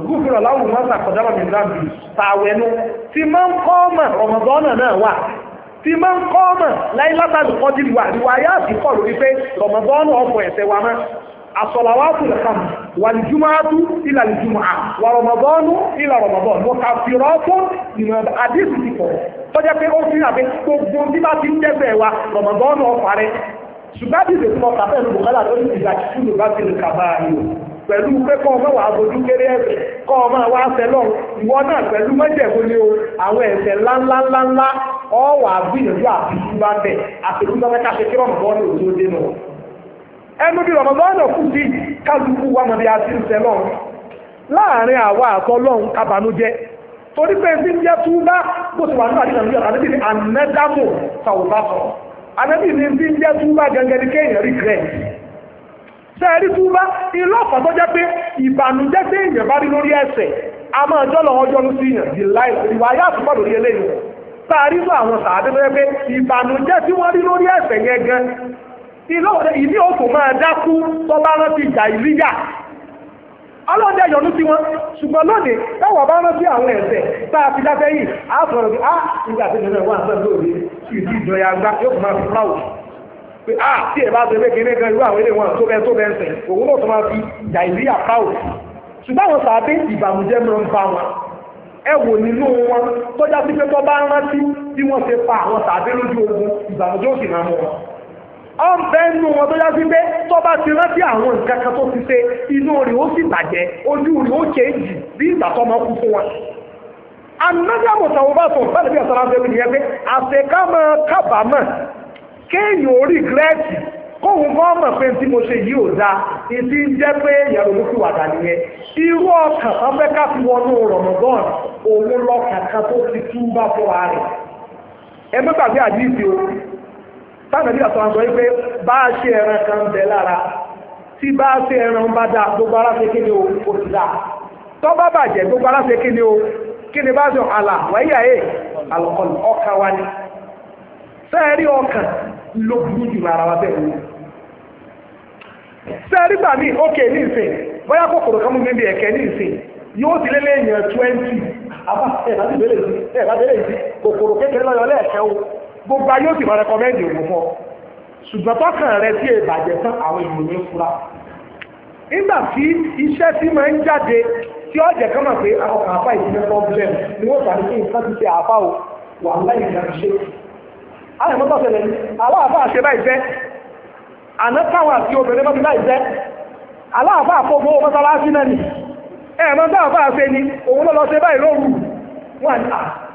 gúfúrọ̀ láwùrán máa ń sàkọ̀dára mi lábì tàwẹ̀nu tí máa ń kọ́ mọ̀ rọ̀mọ̀dọ́nà náà wà tí máa ń kọ́ mọ̀ láì látàlù kọ́jú wà ìwà ayé àtìkọ́ lórí pé rọ̀mọ̀dọ́nà ọkọ̀ ẹ̀sẹ̀ wa mọ́ asọ̀làwátù lẹ́kàn wà ní jùmọ́tù ilà ní jùmọ́ wà rọ̀mọ̀dọ́nù ilà rọ̀mọ̀dọ́nù mo kà fi rọ́pọ̀ ìmọ̀ àdéhùn ti pọ̀ tọ́jà pé ó fi hàn pé gbogbo ṣùgbọ́n àdìsẹ́ tí mo kà fẹ́ lóko kálá lórí ìgbà tí mo bá ti lè kà bá yìí o pẹ̀lú pé kọ́ ọmọ wàá bojú kéré ẹ̀ṣẹ̀ kọ́ ọmọ wa ṣẹ lọ́n ìwọ náà pẹ̀lú mọ́jẹ̀kú ni o àwọn ẹ̀ṣẹ̀ ńláńláńláńlá ọ wà gbìyànjú àti ìgbà bẹ̀ àtẹ̀kú lọ́fẹ́ ká ṣe kí rọ̀mọ̀bọ́ọ̀nù òjò dé nù. ẹnu bí rọ̀mọ̀bọ́ọ̀nù kù sí kálukú wa mọ̀ bí a ti ń ṣẹ lọ́n láàrin àwa àtọ́lọ́n kabanújẹ́ torí pé ẹni tí ń jẹ́ túbá bó ti wà nínú àdínà ànábì ní ti jẹ́ túbá gangan kéèyàn rí grẹ́ sẹ́ẹ̀rí túbá ìlọ́pàá tó jẹ́ pé ìbànújẹ́ sí èèyàn bá rí lórí a máa jọ́ lọ́wọ́ jọ́nu sí di ìwà ayé àtúbọ̀ lórí eléyìí tá a àwọn sàádé tó jẹ́ pé ìbànújẹ́ tí wọ́n rí lórí ẹ̀ṣẹ̀ yẹn gan máa dákú bá rántí ọlọ́run dẹ̀ yọ́nú sí wọn ṣùgbọ́n lónìí táwọn bá rántí àwọn ẹ̀ṣẹ̀ tá a fi dáfẹ́ yìí á sọ̀rọ̀ bí á ah, nígbà tí ìjọba wà sọ́dọ̀ lórí ìdí ìjọya gbá yóò fún máa fi fúláwù pé á ah, tí ẹ̀ bá ṣe pé kéré gan irú àwọn ilé wọn tó bẹ́ẹ̀ tó bẹ́ẹ̀ sẹ̀ òun náà tó máa fi nàìjíríà fáwù ṣùgbọ́n àwọn sàbí ìbànújẹ́ mọ́ ń bá wọn ẹ wò nínú wọn tọ́já sí pé tó bá rántí bí wọ́n ṣe pa àwọn sàbí lójú ogun ìbànújẹ́ òsì máa mú wọn ọ ń bẹ nínú wọn tó yá sí pé tó bá ti rántí àwọn nǹkan kan tó ti ṣe inú rẹ̀ ó sì bàjẹ́ ojú rẹ̀ ó ṣe é jì bí ìgbà tó máa kú fún wọn. anájà mọ̀tà wọn bá sọ bẹ́ẹ̀ bí ọ̀sán aṣọ ìrìn pé àṣekà máa kábàámọ̀ kéèyàn ó kóhun kọ́ mọ̀ pé tí mo ṣe yìí ò ìdí ń jẹ́ pé ìyàrá o sáàmì àtọ́wà wípé bá a ṣe ẹran kan bẹ lára tí bá a ṣe ẹran bá dáa gbogbo tó bá bàjẹ́ gbogbo o bá ṣe àlà wáyà ẹ̀ àlọ́kọ̀lù ọkàn wa ni sẹ́ẹ̀rí ọkàn ló burú jù lára wa bẹ́ẹ̀ ni sẹ́ẹ̀rí gbà ní ìsìn bóyá kòkòrò kan mú mi bí ẹ̀kẹ́ ní ìsìn yóò ti èèyàn àbá ẹ̀ gbogbo ayé ó ma máa rẹkọmẹ́ndì ògùn fún ṣùgbọ́n tọ́kàn rẹ tí ìbàjẹ́ tán àwọn ìròyìn fura nígbà tí iṣẹ́ tí máa ń jáde tí ó jẹ́ kọ́mọ̀ pé ọkàn àpá ìsinmi problem ni wọ́n tàbí kí nǹkan ti ṣe àpá o wà láì ṣe ṣẹlẹ̀ ní aláàfà àṣẹ báyìí àná táwọn àti obìnrin ni àfà àṣẹ ni òun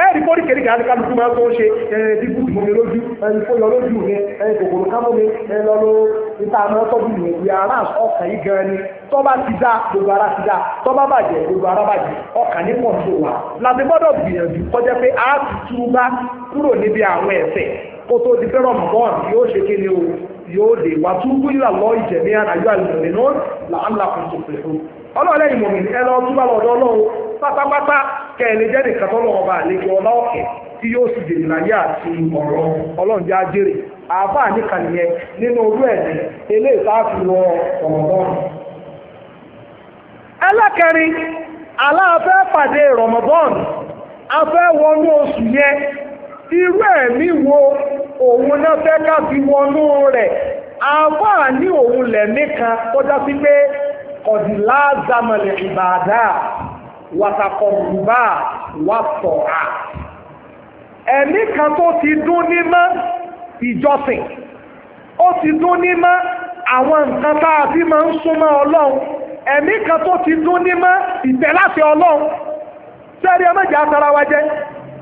ẹ̀rí bọ́ọ̀lì kẹ̀lé kẹ̀lé kálukú máa tó ń ṣe ẹ̀rẹ́ bí bùtù mọ́mi lójú ẹ̀rí fún yọ lójú mi ẹ̀rí kòkòrò ká mọ́mi ẹ̀rí níta mi ọkàn yìí gan ni tọ́ba ti dá gbogbo ara ti dá tọ́ba bàjẹ́ gbogbo ara bàjẹ́ ọkàn ní láti gbọ́dọ̀ gbìyànjú kọjá pé a ti kúrò níbi àwọn kó tó di fẹ́ràn yóò ṣe o yóò dé wà túbú lọ ìjẹ̀mí náà pẹ̀lú ọlọ́ọ̀lẹ́yìn mọ̀mí ẹ ọlọ́run pátápátá kẹ́ẹ̀lẹ́ jẹ́ nìkan tó lọ́wọ́ bá àlejò tí yóò sì dèrè láyé àti ọ̀rọ̀ ọlọ́run já jèrè àáfàá nìkan nínú orú ẹ̀dẹ̀ eléyìí fi wọ ọ̀rọ̀ náà. ẹlẹ́kẹrin aláàfẹ́ pàdé rọmọbọ́ọ̀nù afẹ́ wọnú oṣù yẹn irú wo òun náà fẹ́ ká fi wọnú rẹ̀ ní òun lẹ̀mí kan kọjá sí pé kọ̀dìlá wàtàkọ̀mbà wàtọ̀à ẹ̀mí kan tó ti dún ní mọ́ ìjọsìn ó ti dún ní mọ́ àwọn nǹkan tá a fi máa ń súnmọ́ ọlọ́run ẹ̀mí kan tó ti dún ní mọ́ ìtẹ̀láṣẹ ọlọ́run sẹ́ẹ̀rí ọmọdé atara wa jẹ́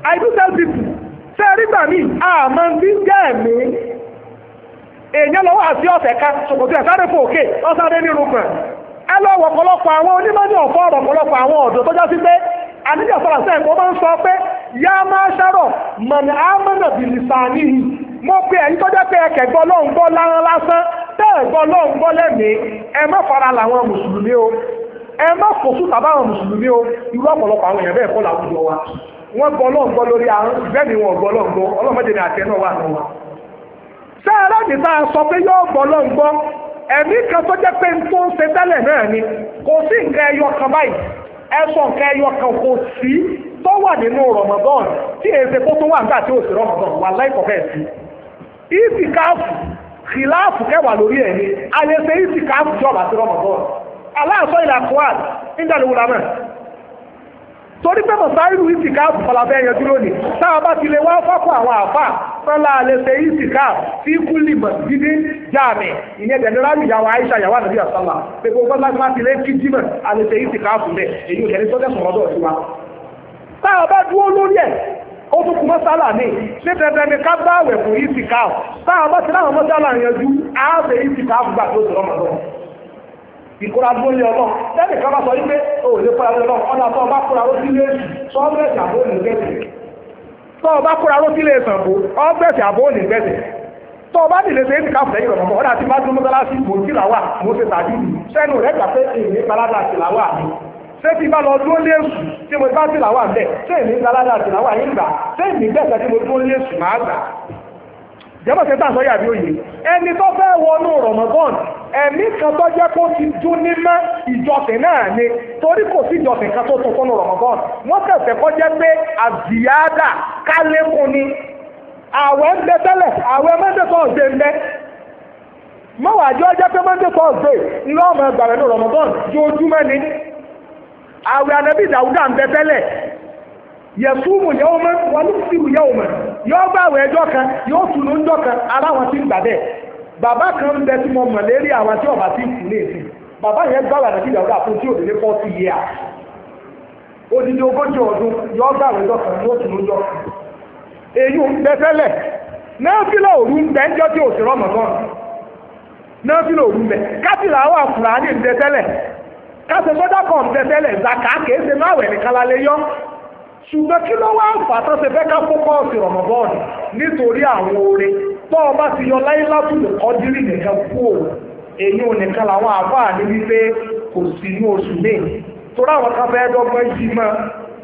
I do tell people sẹ́ẹ̀rí gbà mí àmọ́ ń bí jẹ́ ẹ̀mí èèyàn lọ́wọ́ àti ọ̀sẹ̀ ká ṣòkòtò ẹ̀ sáré fòkè ọ̀sáré nírúgbọ̀n ẹ lọ awọn ọ̀pọ̀lọpọ̀ àwọn onímọ̀ọ́nì ọ̀fọ́ ọ̀pọ̀lọpọ̀ àwọn ọ̀dọ́ tó já sí pé àníjà máa ń sọ pé yá máa ṣàrọ̀ mọ̀nà mo pe ẹ̀yin tó jẹ́ pé ẹ̀kẹ́ gbọ́ lọ́n gbọ́ lárán lásán bẹ́ẹ̀ gbọ́ lọ́n gbọ́ lẹ́mìí ẹ má fara o ẹ má tàbá àwọn mùsùlùmí o irú ọ̀pọ̀lọpọ̀ àwọn èèyàn bẹ́ẹ̀ kọ́ làwùjọ wa wọ́n gbọ́ lọ́n gbọ́ lórí bẹ́ẹ̀ ni wọ́n gbọ́ lọ́n gbọ́ ọlọ́mọdé ẹ̀mí kan tó jẹ́ pé n tó ń ṣe tẹ́lẹ̀ náà ni kò sí nǹkan ẹyọ kan báyìí ẹ̀sọ̀ nǹkan ẹyọ kan kò sí tó wà nínú Ramadan tí èsè kó tó wà nígbà tí òsì Ramadan wà láìpọ̀ bẹ́ẹ̀ sí. ìsìkáàfù kìláàfù kẹwàá lórí ẹ̀ ni àyẹ̀sẹ̀ ìsìkáàfù jọba sí Ramadan aláàsọ ìlà kuwad níjàlúwùlà náà torí pé mọ̀sáírù ìsìkáàfù kọlàfẹ́ yẹn dúró ni táwa bá ti lè wá fọ́pọ̀ àwọn àfáà tọ́lá lè ṣe ìsìká tí kú lè mọ̀ dídé jáàmì ìyẹn tẹ̀lé rárí ìyàwó àìsà ìyàwó àdàbí àsálà pé gbogbo láti máa ti lé kí jímọ̀ a lè ṣe ìsìká fún bẹ́ẹ̀ èyí ò tẹ̀lé tó tẹ̀sán lọ́dọ̀ sí wa. tá a bá dúró lórí ẹ̀ ó tún kú mọ́sálà ní ṣé tẹ̀tẹ̀ ni ká bá àwẹ̀ fún ìsìká tá a bá ti láwọn mọ́sálà yanjú á ṣe ìsìká fún gbà tó sọ̀rọ̀ mọ́ ìkóra dúró lé ọlọ́ lẹ́nu ìkọ́ra sọ wípé òòlù kóra lé ọlọ́ ọ̀nà tó ọba kóra ó sí lé sọ́ọ́lù ẹ̀jà bóòlù lẹ́sìn tọ́ ọba kóra ló sílé ìsànbó ọ gbẹ̀sẹ̀ àbó òní gbẹ̀sẹ̀ tọ́ ọba nílé ṣe é nìkan fẹ́ ìrọ̀mọ́ bọ̀ ọ̀dà tí má dúró mọ́sálásí mò ń tìlà mo ṣe tàbí sẹ́nu rẹ̀ gbà pé èmi balada tìlà wà mi ṣé ti bá lọ dúró lé sùn tí mo bá tìlà wà bẹ́ẹ̀ ṣé èmi balada tìlà wà yín gbà ṣé èmi gbẹ̀sẹ̀ tí mo dúró lé sùn máa gbà jẹ́bọ̀sẹ̀ tá àsọ́yà bí òye ẹni tó fẹ́ wọnú Ramadan ẹ̀mí kan tó jẹ́ kó ti dún ní mọ́ ìjọsìn náà ni torí kò sí ìjọsìn kan tó tuntun ní Ramadan wọ́n tẹ̀sẹ̀ kọ́ jẹ́ pé àzìyáàdà kálékun ni àwẹ̀ ń bẹ tẹ́lẹ̀ àwẹ̀ mẹ́tẹ̀ tó ọ̀sẹ̀ ń bẹ mọ́wàájọ́ jẹ́ pé mẹ́tẹ̀ tó ọ̀sẹ̀ ńlọ ọmọ ẹgbàrẹ̀ ní Ramadan jojúmọ́ ni àwẹ̀ yẹ̀sùmù yẹ̀wò mẹ́ wọlúùsìrù yẹ̀wò mẹ́ yọ́ kan yóò tún ló kan ara wọn ti gbà kan bẹ tí mo ọba ti kú léèfì bàbá yẹn gbà wà nàìjíríà ọ̀gá fún tí fọ́ọ̀tì yẹ à odidi ogójì ọdún yọọba bá àwọn kan yóò tún ló kan èyí ń bẹ tẹ́lẹ̀ òru ń bẹ tí òru ń bẹ kátìlà ṣùgbọ́n kí ló wá ń fà tó ṣe fẹ́ ká fókọ́ọ̀sì nítorí àwọn o ti yọ láyé látùlù kọ́dírì nìkan kú o èyí ò nìkan làwọn àbáà ní wípé kò sí ní oṣù míì torí àwọn kan fẹ́ dọ́gbọ́n yí mọ́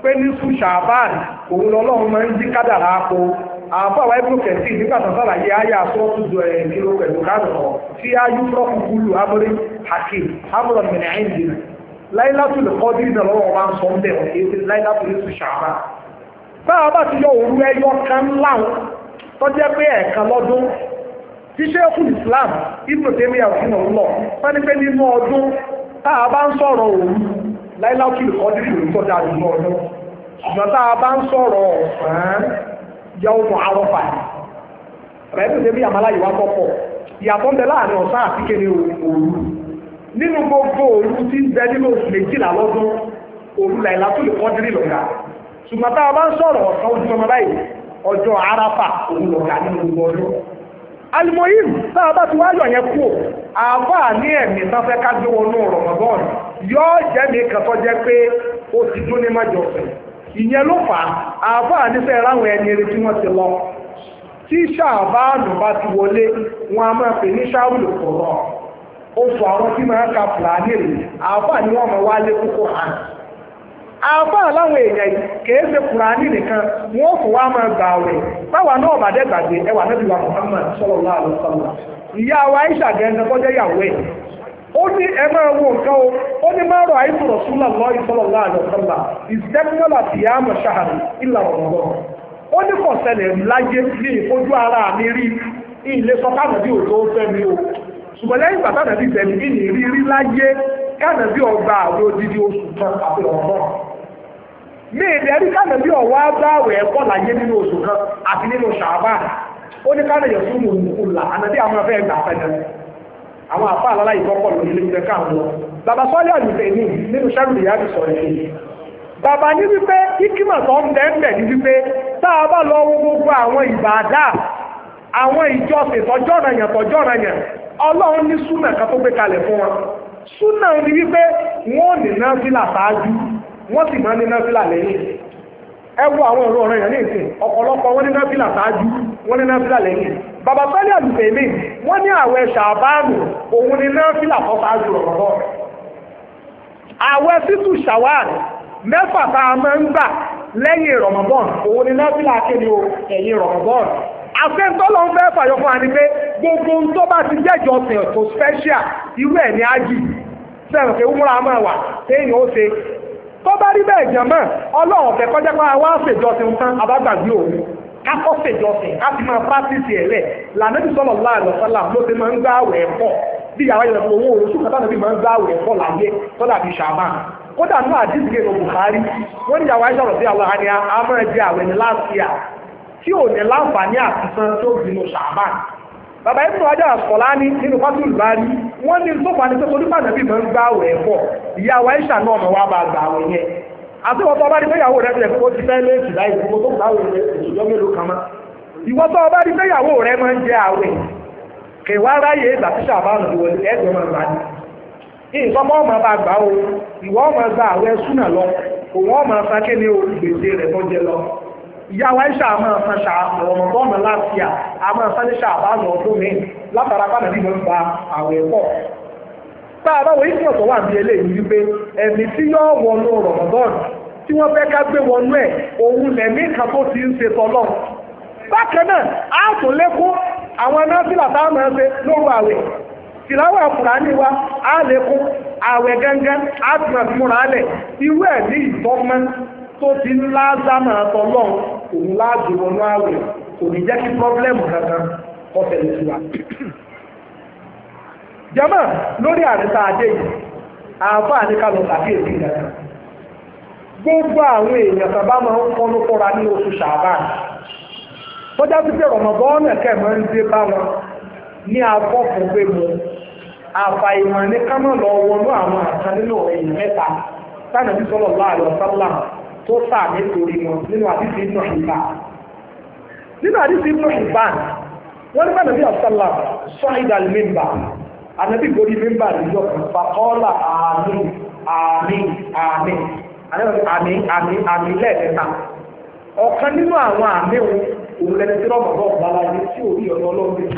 pé ní sùn ṣàbáàn òun lọ́lọ́run máa ń jí kádàrá po nígbà tó ayé pẹ̀lú tí láìláṣù lè kọ́ dídì lọ́wọ́ wọn máa ń sọ ń bẹ̀ wọ́n èyí láìláṣù lè sùn ṣàbá bá a bá ti yọ òru ẹyọ kan láwọn tó jẹ́ pé ẹ̀ẹ̀kan lọ́dún tí sẹ́kù Islam ibùdó tèmi àwòrán náà lọ wọ́n ní pé nínú ọdún tá a bá ń sọ̀rọ̀ òru láìláṣù lè kọ́ dídì lórí tọ́jà nínú ọdún ṣùgbọ́n tá a bá ń sọ̀rọ̀ ọ̀sán yàwó mọ̀ àwọ̀fà rẹ̀ ibùdó tèmi àmàlà ìwà pọ̀pọ̀ ìyàtọ̀ ń bẹ láàrin ọ̀sán nínú gbogbo òru tí ń bẹ nínú oṣù méjìlá lọ́dún òru làìlá tó lè kọ́ dírí lọ́gà ṣùgbọ́n tá a bá ń sọ̀rọ̀ ọ̀kan ojú ọmọ báyìí ọjọ́ aráfà òun lọ́gà nínú gbogbo ọdún alimoyim tá a bá ti wáyọ̀ yẹn kú àbá ní ẹ̀mí sáfẹ́ ká gbé wọnú rọ̀mọ́bọ́ọ̀n yóò jẹ́ mi kàtọ́ jẹ́ pé ó ti dún ní mọ́jọ ìyẹn ló fà á àbá nífẹ̀ẹ́ ráwọn ẹni eré tí wọ́n ti lọ tí ṣàbáàdùn bá ti wọlé wọn a máa pè ní ṣáwùlù kọ̀ọ̀rọ̀ oṣù àwọn tí ma ka fúlàní afọ ni wọ́n máa wálé púpọ̀ hàn àáfà láwọn èèyàn yìí kìí ṣe fúlàní nìkan wọ́n wa máa gbà wẹ̀ báwa náà gbàgbé ẹwà wa Muhammad sallallahu alaihi ìyá wa Aisha gẹ́gẹ́ kọjá ìyàwó ẹ̀ ó ní ẹ máa wo nǹkan o ó ní máa rọ rọ̀súlà lọ́ọ́ ṣahàrì ìlà ọ̀rọ̀ ó ní kọ̀sẹ̀lẹ̀ láyé ní ìfojú ara mi rí ilé o ṣùgbọ́n lẹ́yìn bàtà nàbí ìtẹ̀lẹ̀ bí ní rírí láyé kánàbí ọgbà àwọn odidi oṣù kan àti ọ̀gbọ́n méèdè rí kánàbí ọ̀wá bá àwẹ̀ ẹ̀kọ́ láyé nínú oṣù kan àti nínú ṣàbá ó ní kánàyọ̀ fún mòmùkúlà ànàbí àwọn afẹ́ gbà fẹ́jọ àwọn àfa àlálà ìfọ́pọ̀ lórí ilé ìfẹ́ káàmù bàbá sọ́lé àlùfẹ́ ní nínú sẹ́rù ìyáàbí sọ̀rọ̀ èyí bàbá ní wípé kíkímọ̀ tó ń bẹ́ẹ̀ bẹ̀ ní wípé tá a bá lọ wo gbogbo àwọn ìbàdà àwọn ìjọsìn tọjọ́ ọ̀ranyàn tọjọ́ ọlọ́run ní súnà kan tó gbé kalẹ̀ fún wọn súnà ni wípé wọn ní náfìlà ṣáájú wọn sì máa ní náfìlà lẹ́yìn ẹ wo àwọn ọ̀rọ̀ ọ̀ranyàn ní ìsìn ọ̀pọ̀lọpọ̀ ní wọn ní lẹ́yìn bàbá sọ́lé wọ́n ní àwẹ̀ ṣàbáàmù òun àwẹ̀ mẹ́fà tá a máa ń gbà lẹ́yìn òun ẹ̀yìn àfẹ́ntọ́lọ́ ń fẹ́ fàyọ fún àní pé gbogbo ohun tó bá ti jẹ́jọ ọ̀sìn ọ̀tọ̀ special irú ẹ̀ ní ájì sẹ́wọ̀n pé wúra máa wà téèyàn ó ṣe tó bá rí bẹ́ẹ̀ jẹ́ mọ́ ọlọ́run fẹ́ kọjá pé àwa ṣèjọsìn tán àbágbàgbé òun kákọ́ ṣèjọsìn á ti máa pátìsì ẹ̀ lẹ̀ lànàbí sọ̀rọ̀ láàrín ọ̀sálà ló ti máa ń gbá àwẹ̀ pọ̀ bí yàrá yẹn fún owó oṣù kátà nàbí máa ń gbá àwẹ̀ pọ̀ láyé tọ́lá àbí ṣàmà kódà náà àdìsí kejì Bukhari wọ́n ní yàrá yẹn sọ̀rọ̀ àwọn àníyàn á àwẹ̀ ní láti tí ò ní láǹfààní àtúnṣan tó bínú ṣàbán bàbá yìí tó wájú àkọlá ní nínú fásitì bá rí wọn ní tó fani tó torí pàdé bí máa ń gbá àwẹ̀ pọ̀ ìyá wa ìṣà náà mọ̀ wá bá gbà àwẹ̀ yẹn àti wọn ọba rí fẹ́yàwó rẹ bẹ̀rẹ̀ kó ti fẹ́ lé ìtura ìfowó tó gbà àwẹ̀ rẹ ìjọ ìyá wa ìṣà àmọ́ ọ̀sán ṣà ọ̀rọ̀mọ̀bọ́ọ̀nà láti à àmọ́ ọ̀sán ní ṣà àbáàlù ọdún mi látara bánà bí mo ń ba àwẹ̀ pọ̀. tá a bá wo ìsìn ọ̀tọ̀ wà ní eléyìí wípé ẹ̀mí tí yóò wọnú rọ̀mọ̀bọ́ọ̀n tí wọ́n fẹ́ ká gbé wọnú ẹ̀ òun lẹ̀mí kan tó ti ń ṣe tọ́lọ́ bákan náà á tún lékún àwọn násìlà táwọn máa ń ṣe lóru àwẹ̀ tìláwà kùránì wa á lékún àwẹ̀ gángan á tún àfihàn alẹ̀ irú ẹ̀ ní ìtọ́mọ́ tó ti ń lázámà tọ́lọ́run kò ní láàbì wọnú àwẹ̀ kò ní jẹ́ kí pọ́blẹ́mù kankan jama lórí àrísà adé yìí ní ká lọ gbogbo àwọn èèyàn kan máa ń kọ́nú kọ́ra ní oṣù sàbáà tọ́já sí pé rọ̀mọ̀bọ́ọ̀nà kẹ́mọ́ ń dé bá wọn ní pé mo àfà ní tó sà nítorí wọn nínú àdìsí ibnu hibban nínú àdìsí ibnu hibban wọn ní bàbá ọ̀sánlá sọ́hìd alimimba anabi gbòdì mimba níjọ fàkọ́ọ́là àmín àmín àmín àmín àmín àmín lẹ́ẹ̀mẹ́ta ọ̀kan nínú àwọn àmì òun lẹni tí rọ́bà náà bá láyé tí orí ọ̀nà ọlọ́run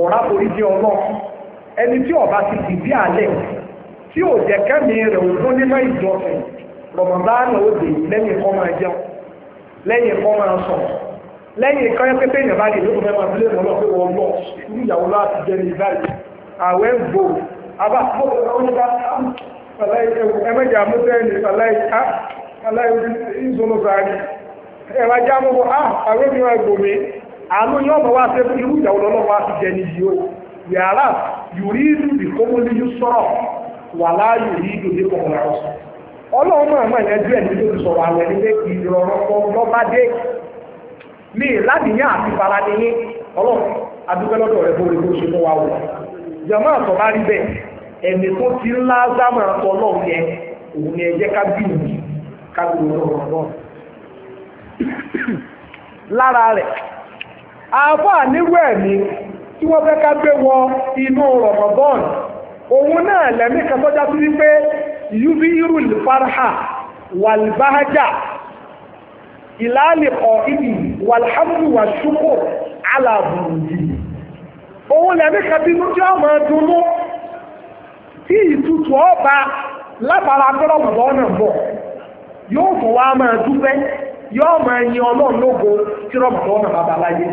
ọ̀rá orí jẹ́ ọlọ́ ẹni tí ọba ti dìbí àlẹ́ tí ò jẹ́ kẹ́mi rẹ̀ òun ní rọmọbáàmù ó dé lẹ́yìn kọ́ máa jẹun lẹ́yìn kọ́ máa sùn lẹ́yìn pépé ìyàbá rẹ̀ lóko mẹ́wàá fílẹ̀ mọ́ lọ́pẹ́ wọ́n lọ irú ìyàwó láti jẹ́ ní ìbáyìí àwẹ̀ ń bò àbá ẹgbẹ́jì àmúsẹ́ni aláìsọ́lọ́sàárì ẹwà jẹ́ àmúbọ̀ àwẹ̀ mi wá gbòmí àánú yóò wá sí irú ìyàwó lọ́lọ́wọ́ láti jẹ́ yìí ó yàrá yùrí ìdù ìkọ́mọ́lẹ́yìn yìí dòde ọlọ́run náà mọ̀ díẹ̀ ní tó àwẹ̀ nílé kì í rọrọ́ dé mi ládìyàn àti fara ni yín ọlọ́run adúgbẹ́ lọ́dọ̀ rẹ̀ bóore bó ṣe wa wò àtọ̀ bá rí bẹ́ẹ̀ ẹ̀mí tó ti ńlá sámà tọ́ òun ni ká ọ̀rọ̀ náà lára rẹ̀ ẹ̀mí tí wọ́n fẹ́ ká yúbírù farha wàlbáhájà ìlàlẹ̀kọ̀ ibi wàlhámùwà ṣúkò aláàbùrùjì òun lẹ́mí kàbínú tí ó máa dunú tí ìtutù ọba látara tọ́rọ̀ bọ̀ ọ̀nà bọ̀ yóò fún wa máa dúpẹ́ yóò máa yin ọlọ́run lógo tí rọ́bù bọ̀ bàbá láyé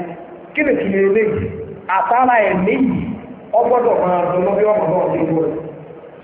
kí lè tún lè léyìí àtàrà ẹ̀mí ọgbọ́dọ̀ máa dunú bí ọmọ náà ti wọ̀ rẹ̀.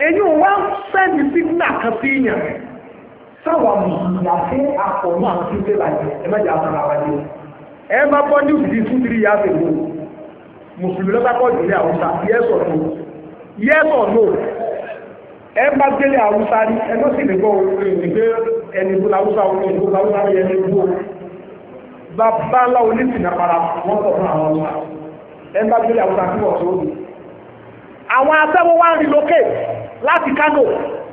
èyí ò wá sẹ́ni fitna kan sí yàn sáwà mùsùlùmí àti àpọ̀nù àwọn tí ó fẹ́ bàjẹ́ ẹ má jẹ́ àwọn ará wájú ẹ má bọ́ ní òsì two three years ago mùsùlùmí lọ́sà kọ́ ìdílé àwùsá yes or no yes or no ẹ bá délé àwùsá rí ẹ lọ sí ìdìbò ìgbé ẹni ìbúlá àwùsá òun ìbú àwùsá rí ẹni ìbú bàbá aláwo ní tìǹbàrà wọn sọ fún àwọn ọmọ ẹ bá délé àwùsá kí wọ́n tó àwọn asẹ́wọ́n wá relocate láti Kano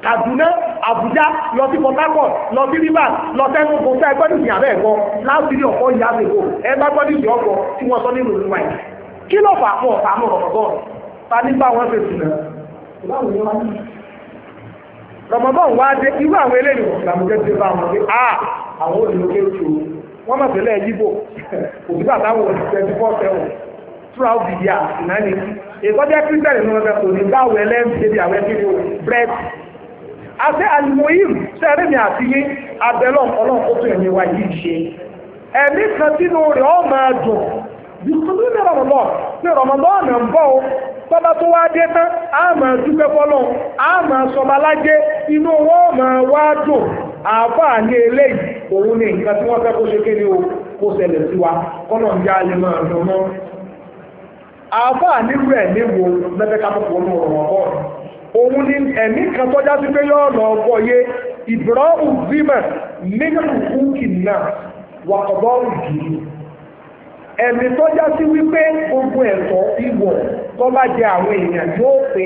Kaduna Abuja lọ sí Port Harcourt lọ sí Rivers lọ sẹ́nu kò sẹ́ gbọ́dọ̀ ìsìn abẹ́ ẹ̀kọ́ láti rí ọ̀pọ̀ ìyá àbẹ̀kọ́ ẹ bá gbọ́dọ̀ ìsìn ọkọ̀ tí wọ́n sọ nínú ìlú wáyé kí ló fà fún ọ̀sán náà rọ̀mọ̀bọ́n ta ní bá wọn ṣe sùn náà rọ̀mọ̀bọ́n wá dé irú àwọn eléyìí làmújẹ́ ti bá wọn pé àwọn olùlókè oṣù wọ́n mọ̀ tẹ́lẹ̀ yíbò òbí bàbá wọn ti tẹ́ ìkọjá kírísítẹ̀lì ní ọjọ́ kò ní báwọ̀ ẹlẹ́sìn ti àwọn ẹbí o bread àti alimoyim sẹ́rẹ́mì àti yín abẹ́lọ́ ọlọ́run kó tún ẹ̀mí wa yìí ṣe ẹ̀mí kan sínú rẹ̀ ọ́ máa dùn bìkúndú ní rọmọdọ́ ní rọmọdọ́ ọ̀nà ń bọ̀ o tọ́ba tó wá dé tán á máa dúpẹ́ fọlọ́ á máa sọmalájé inú wọn máa wá dùn àáfàá ní eléyìí òun ni nǹkan tí wọ́n fẹ́ kó ṣe kéde o kó ṣẹlẹ̀ sí wa kọ́nà ń já lè máa dùn mọ́ àáfàá nírú ẹ̀ níwo lẹ́fẹ̀kápọ̀pọ̀ ní ọ̀rọ̀ ọ̀bọ̀ òun ni ẹ̀mí kan tọ́já sí pé yọ́ lọ ọgbọ́ yé ìbúrọ́ ùzímẹ̀ mílíọ̀nù kìnnà wàkọ̀bọ́ ìdìrí ẹ̀mí tọ́já sí wípé gbogbo ẹ̀tọ́ ìwọ̀ tó bá jẹ àwọn èèyàn yóò pé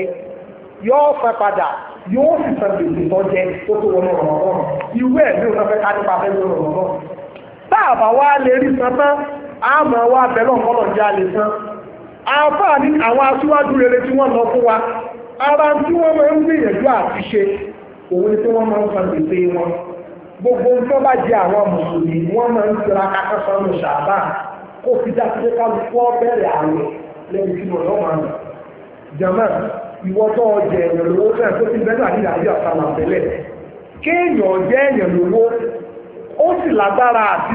yóò fẹ́ padà yóò sì san gbèsè tó jẹ tó tó wọnú ọ̀rọ̀ ọ̀rọ̀ ìwé ẹ̀mí ò fẹ́ ká nípa fẹ́ lórí ọ̀rọ̀ ọ̀rọ̀ tá a lè rí san tán á mọ̀ wá bẹ́ẹ̀ jẹ́ àlè san àfáà ní àwọn aṣíwájú rere tí wọ́n lọ fún wa ara tí wọ́n máa ń gbìyànjú àti ṣe òun ni tí wọ́n máa ń gbèsè wọn gbogbo tó bá jẹ àwọn mùsùlùmí wọ́n máa ń tira kakọ́ sọ́nù ṣàbá kó fi dá kálukú ọ̀bẹ̀rẹ̀ àwẹ̀ lẹ́yìn tí mo lọ́ máa nà jama ìwọ tó ọjẹ èèyàn lówó náà tó ti bẹ́ẹ̀ ní ìdájọ́ àtàlà tẹ́lẹ̀ kéèyàn ọjẹ èèyàn lówó ó sì lágbára àti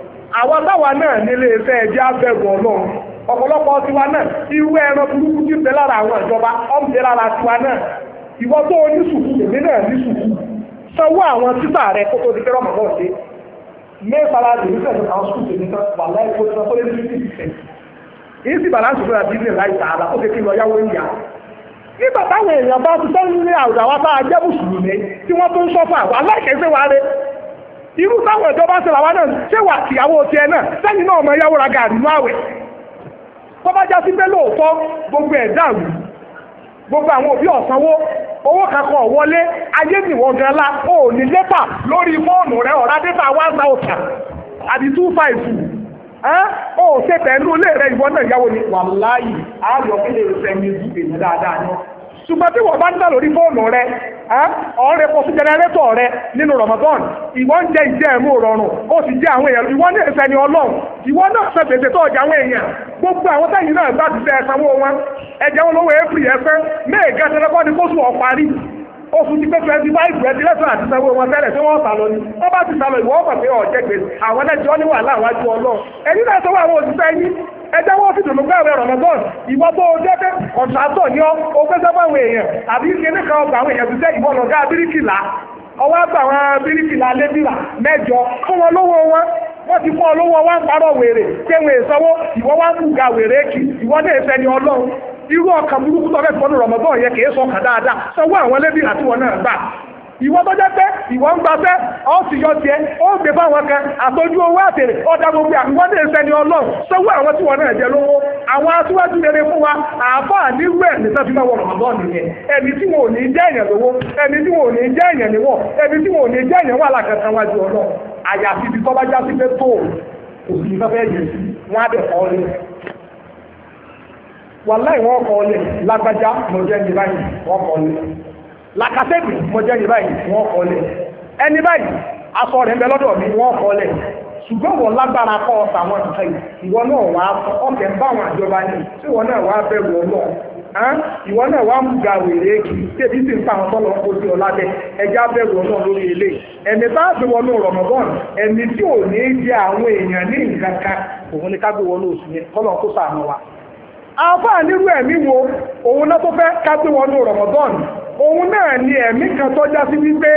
àwa táwa náà nílé iṣẹ́ ẹjẹ́ abẹ́rù ọlọ́run ọ̀pọ̀lọpọ̀ tiwa náà irú ẹran burúkú ti bẹ lára àwọn ìjọba ọ̀nbẹ lára tiwa náà ìwọ tó o ní sùkú èmi náà ní sùkú sanwó àwọn títà rẹ kó tó di pé rọmọ náà dé mẹ́fàlá lè ní sẹ́yìn àwọn sùkú tèmi náà wà láì kó tó tó lé ní fifty percent èyí sì bàlánsì fúnra bí ilé láì tààlà ó ti kí lọ yáwó ìyá nígbà táwọn èèyàn bá ti sẹ́yìn ní àwùjọ àwọn tá a jẹ́ mùsùlùmí tí wọ́n tó ń sọ́fà wà láì kẹ́sẹ́ wàá rẹ̀ irú táwọn ìjọba ṣe làwa náà ṣé wà tìyàwó tiẹ̀ náà sẹ́yìn náà ọmọ yàwó ra gàrí àwẹ̀ tó bá já sí pé lóòótọ́ gbogbo ẹ̀ dàrú gbogbo àwọn òbí ọ̀sánwó owó kankan wọlé ayé nìwọ̀n gan la o ò ní lẹ́tà lórí fóònù rẹ ọ̀rá dẹ́tà one thousand àbí two five ó ṣe pẹ̀lú ilé rẹ ìwọ náà yàwó ni wàláyì àárọ̀ kí lè fẹ́ mi ju èyí dáadáa náà. ṣùgbọ́n tí wọ́n bá ń dà lórí fóònù rẹ ọ̀rẹ́ pọ̀ jẹnẹrétọ̀ rẹ nínú Ramadan ìwọ ń jẹ ìjẹ́ ẹ̀mú rọrùn ó sì jẹ́ àwọn èèyàn ìwọ náà ṣẹni ọlọ́run ìwọ náà ṣe gbogbo àwọn sẹ́yìn náà ti fẹ́ wọn ẹ̀jẹ̀ wọn lówó ẹ̀fẹ́ ni kóṣù ọ̀parí oṣù ti pé twenty five lẹ́sọ̀ àti sanwó wọn tẹ́lẹ̀ tí wọ́n ni wọ́n bá ti ọ̀jẹ̀ ẹjẹ́ wọ́n fi dùnú gbàwé Ramadan ìwọ tó o jẹ́ pé kọ̀ǹtàtọ̀ ni ọ́ o gbé sábà àwọn èèyàn àbí kíní kan ọgbà àwọn èèyàn ti jẹ́ ìwọ ọwọ́ àgbà àwọn mẹ́jọ fún wọn lówó wọn wọ́n ti fún ọ lówó wọn parọ́ wèrè pé ìwọ wá wèrè sọ àwọn tí náà gbà ìwọ tó pé ìwọ ń gbafẹ́ gbé fáwọn kan owó gbogbo àwọn ní àwọn tí náà jẹ lówó àwọn aṣíwájú rere fún wa àbọ̀ àníwẹ̀ nìkan fi máa wọ rọ̀mọ́bọ́ọ̀ nìyẹn ẹni tí wọn ò ní jẹ́ èèyàn lówó ẹni tí wọn ò ní jẹ́ èèyàn níwọ̀ ẹni tí wọn ò ní jẹ́ èèyàn wà lákàtàn làkàtẹ́bì mọ̀jẹ́ ní báyìí wọ́n kọlẹ̀ ẹni báyìí aṣọ rẹ̀ ń bẹ lọ́dọ̀ mi wọ́n kọlẹ̀ ṣùgbọ́n wọ́n lágbára kọ́ ọ̀sà àwọn nǹkan yìí ìwọ náà wà á ọkẹ́ ń bá àwọn àjọba ní tí ìwọ náà wà á bẹ̀rù ọlọ́ ìwọ náà wà á mú ga wèrè kì í tètè sì ń pa àwọn tọ́lọ̀ ojú ọ̀la bẹ ẹja bẹ̀rù ọlọ́ lórí ilé ẹni bá gbé wọnú rọmọbọ́n ẹni tí ò ní jẹ àwọn èèyàn ní nǹkan kan òun ni ká gbé wọnú oṣù yẹn kọ́lọ̀ kó sàánú wa. àfáà nírú ẹ̀mí wo òun náà tó fẹ́ ká gbé wọnú rọmọbọ́n òun náà ni ẹ̀mí kan tó já sí wípé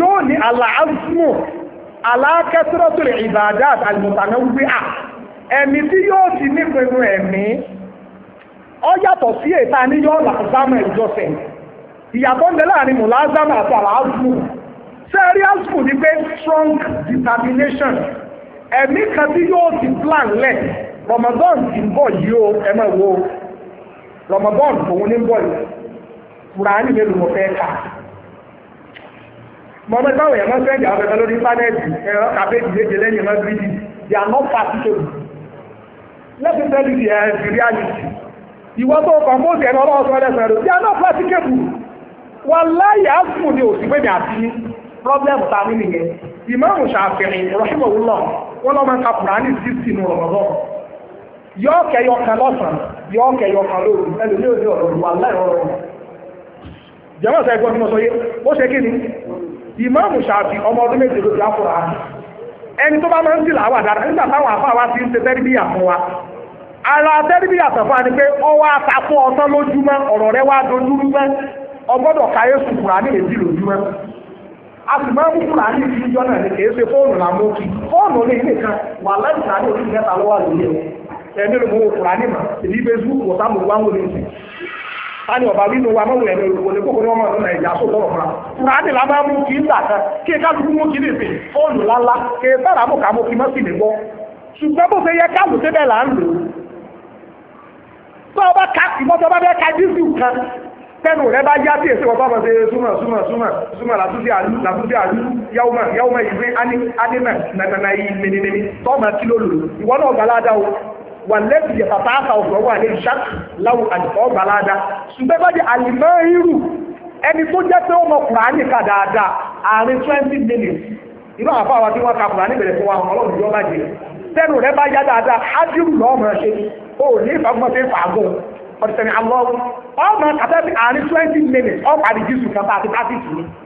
yóò ní aláàzmù alákẹ́tírọ́tòrò ìbàdà àlùmọ̀tàná wípé à ẹ̀mí tí yóò ti nípinnu ẹ̀mí ọ yàtọ̀ sí èta ní yóò làzámù ìjọsìn ìyàtọ̀ ń bẹ láàrin mùlázámù àti sẹ́rí ni pé strong determination ẹ̀mí kan tí yóò ti plan lẹ̀ Ramadan ti ń bọ̀ yìí o wo Ramadan ń kùránì mélòó mo fẹ́ kà mọ̀mọ́ táwọn èèyàn máa àwọn ẹ̀ka lórí ẹ̀rọ kàféèjì méje lẹ́yìn they are not particular let me tell you uh, reality tó kọ̀m̀pọ̀sì ẹ̀rọ ọlọ́ọ̀sọ ẹlẹ́sìn ẹ̀rọ they are not particular wọn láyé àfùn ni òsì problem ta jẹ́wọ́n sọ ẹgbọ́n tí mo ó ṣe kí ni ọmọ ọdún méje ló ti áfúra ẹni tó bá máa ń tìlà wà dára nígbà táwọn afá wa ti ń ṣe tẹ́rìbíyà fún wa ara tẹ́rìbíyà ni pé ọwọ́ lójúmọ́ ọ̀rọ̀ rẹ wá dojúrú mọ́ ọgbọ́dọ̀ káyé sùkúrà ní lójúmọ́ a sì máa ń mú ní ní ṣe fóònù káni ọba nínú wa mọ̀wé ẹ̀rọ ìwò ní kókó ní ọmọ ọ̀nà ìjà sọ lọ́rọ̀ fúnra fúnra ní la máa mú kí n dàtà kí ká lùkú mú kí ní ìsìn fóònù lálá kí n sára mú ká mú kí mọ́sì lè gbọ́ ṣùgbọ́n bó ṣe yẹ ká lù síbẹ̀ là ń lò ó tó ọba ká ìmọ̀ tó ọba bẹ́ẹ̀ ká dísù kan tẹnu rẹ bá yá sí èsì wọn bábà ṣe súnmọ́ súnmọ́ súnmọ́ súnmọ́ làtúndì àlú làtúndì àlú yáwùmọ yáwùmọ ìwé ánínà nànàna yìí nìnìnìnì tọmọ kí ló lò ìwọ náà gbàládà o wàlẹ́bí aka àtàwọ̀ wà ní ìṣàk láwù àdìfọ́ balada ṣùgbọ́n bá di àlìmọ́rírù ẹni tó jẹ́ pé ó mọ kùránì ká dáadáa àárín twenty minutes ìlú àwọn afáwa tí wọ́n kùránì bẹ̀rẹ̀ fún wa ọlọ́run yóò bá jẹ tẹnu rẹ bá yá dáadáa ájírù lọ́ọ́ mọ̀ ṣe ó ní ìfagbọ́n fàágùn alọ́ ọmọ twenty minutes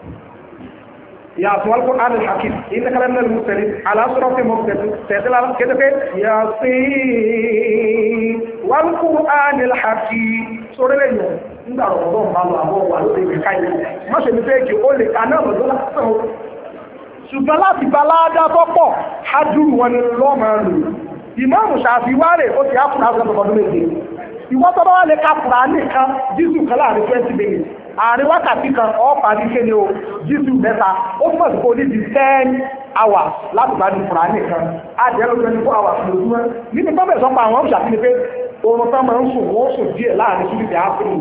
ياسين والقرآن الحكيم إنك لمن المرسلين على صراط مختلف تتلى كده ياسين والقرآن الحكيم sórí lẹ́yìn ọ̀hún nígbà ọ̀rọ̀ ọ̀rọ̀ máa lọ àwọn ọ̀wà lóde ìwé káyé má ṣe ní fẹ́ẹ̀kì ó lè ka náà lọ́dọ́ láti sàn ó. ṣùgbọ́n láti gba aláàdá tó pọ̀ á dúró wọn ni lọ́ọ́ máa lò ìmáàmù ṣàfiwárè ó ti á kúrò àwọn ọmọdún méje ìwọ́n tó bá wà lè ka kúrò á nìkan dísù kan láàrin twenty minutes àárín wákàtí kan ọ̀pá ní o jísù mẹ́ta ó túmọ̀ sí pé o ní di ten hours láti bá ní fúra nìkan àjẹ́ ló twenty four hours lójúmọ́ nínú tọ́bẹ̀ sọ́pọ̀ àwọn ọ̀ṣà ti ní pé oorun tán máa ń sùn wọ́n sùn díẹ̀ láàrin súnìtì áfírí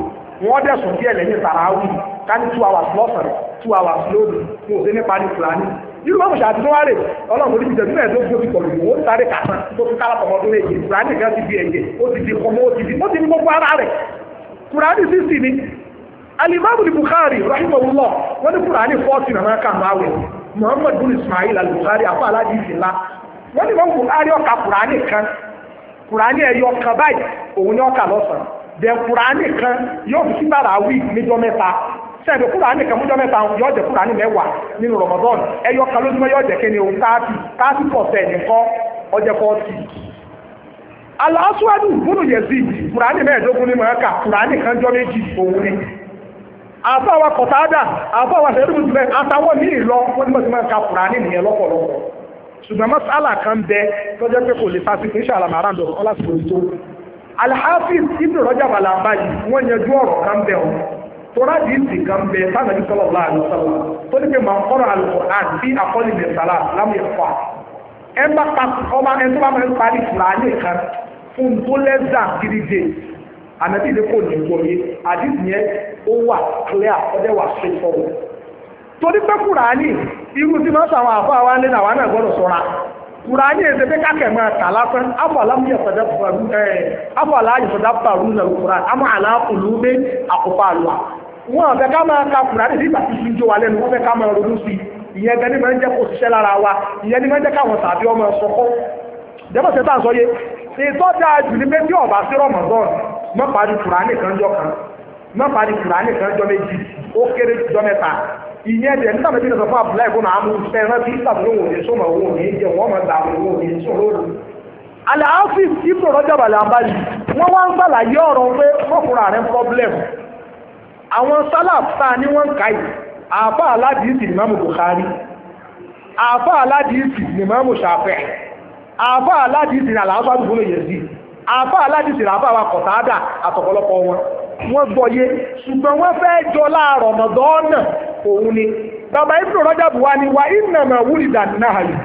wọ́n dẹ̀ sùn díẹ̀ lẹ́yìn tàràwì ká ní two hours lọ́sàn-án two hours lónìí mo ṣe nípa ní fúra ní irú bá mọ̀ṣá àtúntò wáre ọlọ́run orí ìjọba ẹ̀ tó fi òfin pọ̀lú ìwò sáré kàtàn tó fi kálá pọ̀mọ́ ọdún èyí kùránì kan ti di ẹ̀yẹ ó ti di ọmọ ó ti di ó ti di gbogbo ara rẹ̀ kùránì sísì ni alimami Bukhari rahimahullah wọ́n ní kúránì fọ́ọ̀tì nàmá kà Muhammad bin Ismail al-Bukhari ala aládìí isi la. wani wọ́n Bukhari ọka Kurani kan kúránì ẹ̀yọ kan òun ni ọka lọ́sàn-án kan yóò fi síbàrà wí níjọ́ mẹ́ta kan mújọ́ mẹ́ta yóò jẹ́ kúránì nínú Ramadan kan yóò kan àfáwà kọ̀tádà àfáwà sẹ́dúkùn jùlẹ̀ àtàwọn ní ìlọ wọ́n nígbà tí wọ́n ka Kùránì nìyẹn lọ́pọ̀lọpọ̀ ṣùgbọ́n masala kan bẹ tó jẹ́ pé kò lè fa sípé ṣàlà màrá ń dọ̀rọ̀ ọlásìkò ètò alhafiz ibn rọjà balaba yìí wọ́n yanjú ọ̀rọ̀ kan bẹ ọ tora di ti kan bẹ sanadi sallallahu alaihi wasallam tó ní pé màá kọ́ra al-Qur'an bí akọ́lì mi sàlá lámì ẹ̀fọ́ ẹ̀ ń bá pa ọba ẹ̀ tó bá máa ń parí Kùránì kan fún tó lẹ́sà kiri dé ànábì ilé kò ní gbọ́ yé àdìsí yẹn ó wà clear straight forward torí pé kùránì irú tí wọ́n sàwọn àfọ àwọn alẹ́ làwọn náà gbọ́dọ̀ ezebe kùránì èdè pé kákẹ́ máa kà lásán afọlámù yẹ̀sọ̀dá pàrú ẹ̀ ala yẹ̀sọ̀dá pàrú nà kùránì àmọ́ àlàkùlù bẹ́ àkùfà ká máa ka tí lẹ́nu wọ́n fẹ́ ká máa ronú sí ìyẹn wa ìyẹn má parí kùránì kan jọ kan má parí kùránì kan jọ méjì ó kéré jọ mẹ́ta ìyẹn ẹ̀dẹ̀ nígbà méjì lọ sọ fún abdullahi ibùn amú fẹ́ràn bí ìsàbùn òun ní sọmọ òun ní jẹ wọn mọ gbà òun ní sọ lóru. aláàfin ibùdó rọjò balẹ̀ abalì wọ́n wá ń sàlàyé ọ̀rọ̀ pé fọ́kùnrin àrẹ pọ́blẹ̀mù àwọn sálàf tá a ní wọ́n ń ka yìí àáfà aládìísì ní mamu Bukhari àáfà aládìísì ní mamu Shafi'i àáfà aládìísì ní aláàfà àdúgbò yẹn àbá aládìsí làbá wa kọ̀tàádà àtọ̀pọ̀lọpọ̀ wọn wọ́n gbọ́yé ṣùgbọ́n wọ́n fẹ́ jọ láàrọ̀ mọ̀dọ́ọ̀nà òun ni bàbá ibùdó rọ́jà bùwá ni wa ìnàmà wúlìdà náà yìí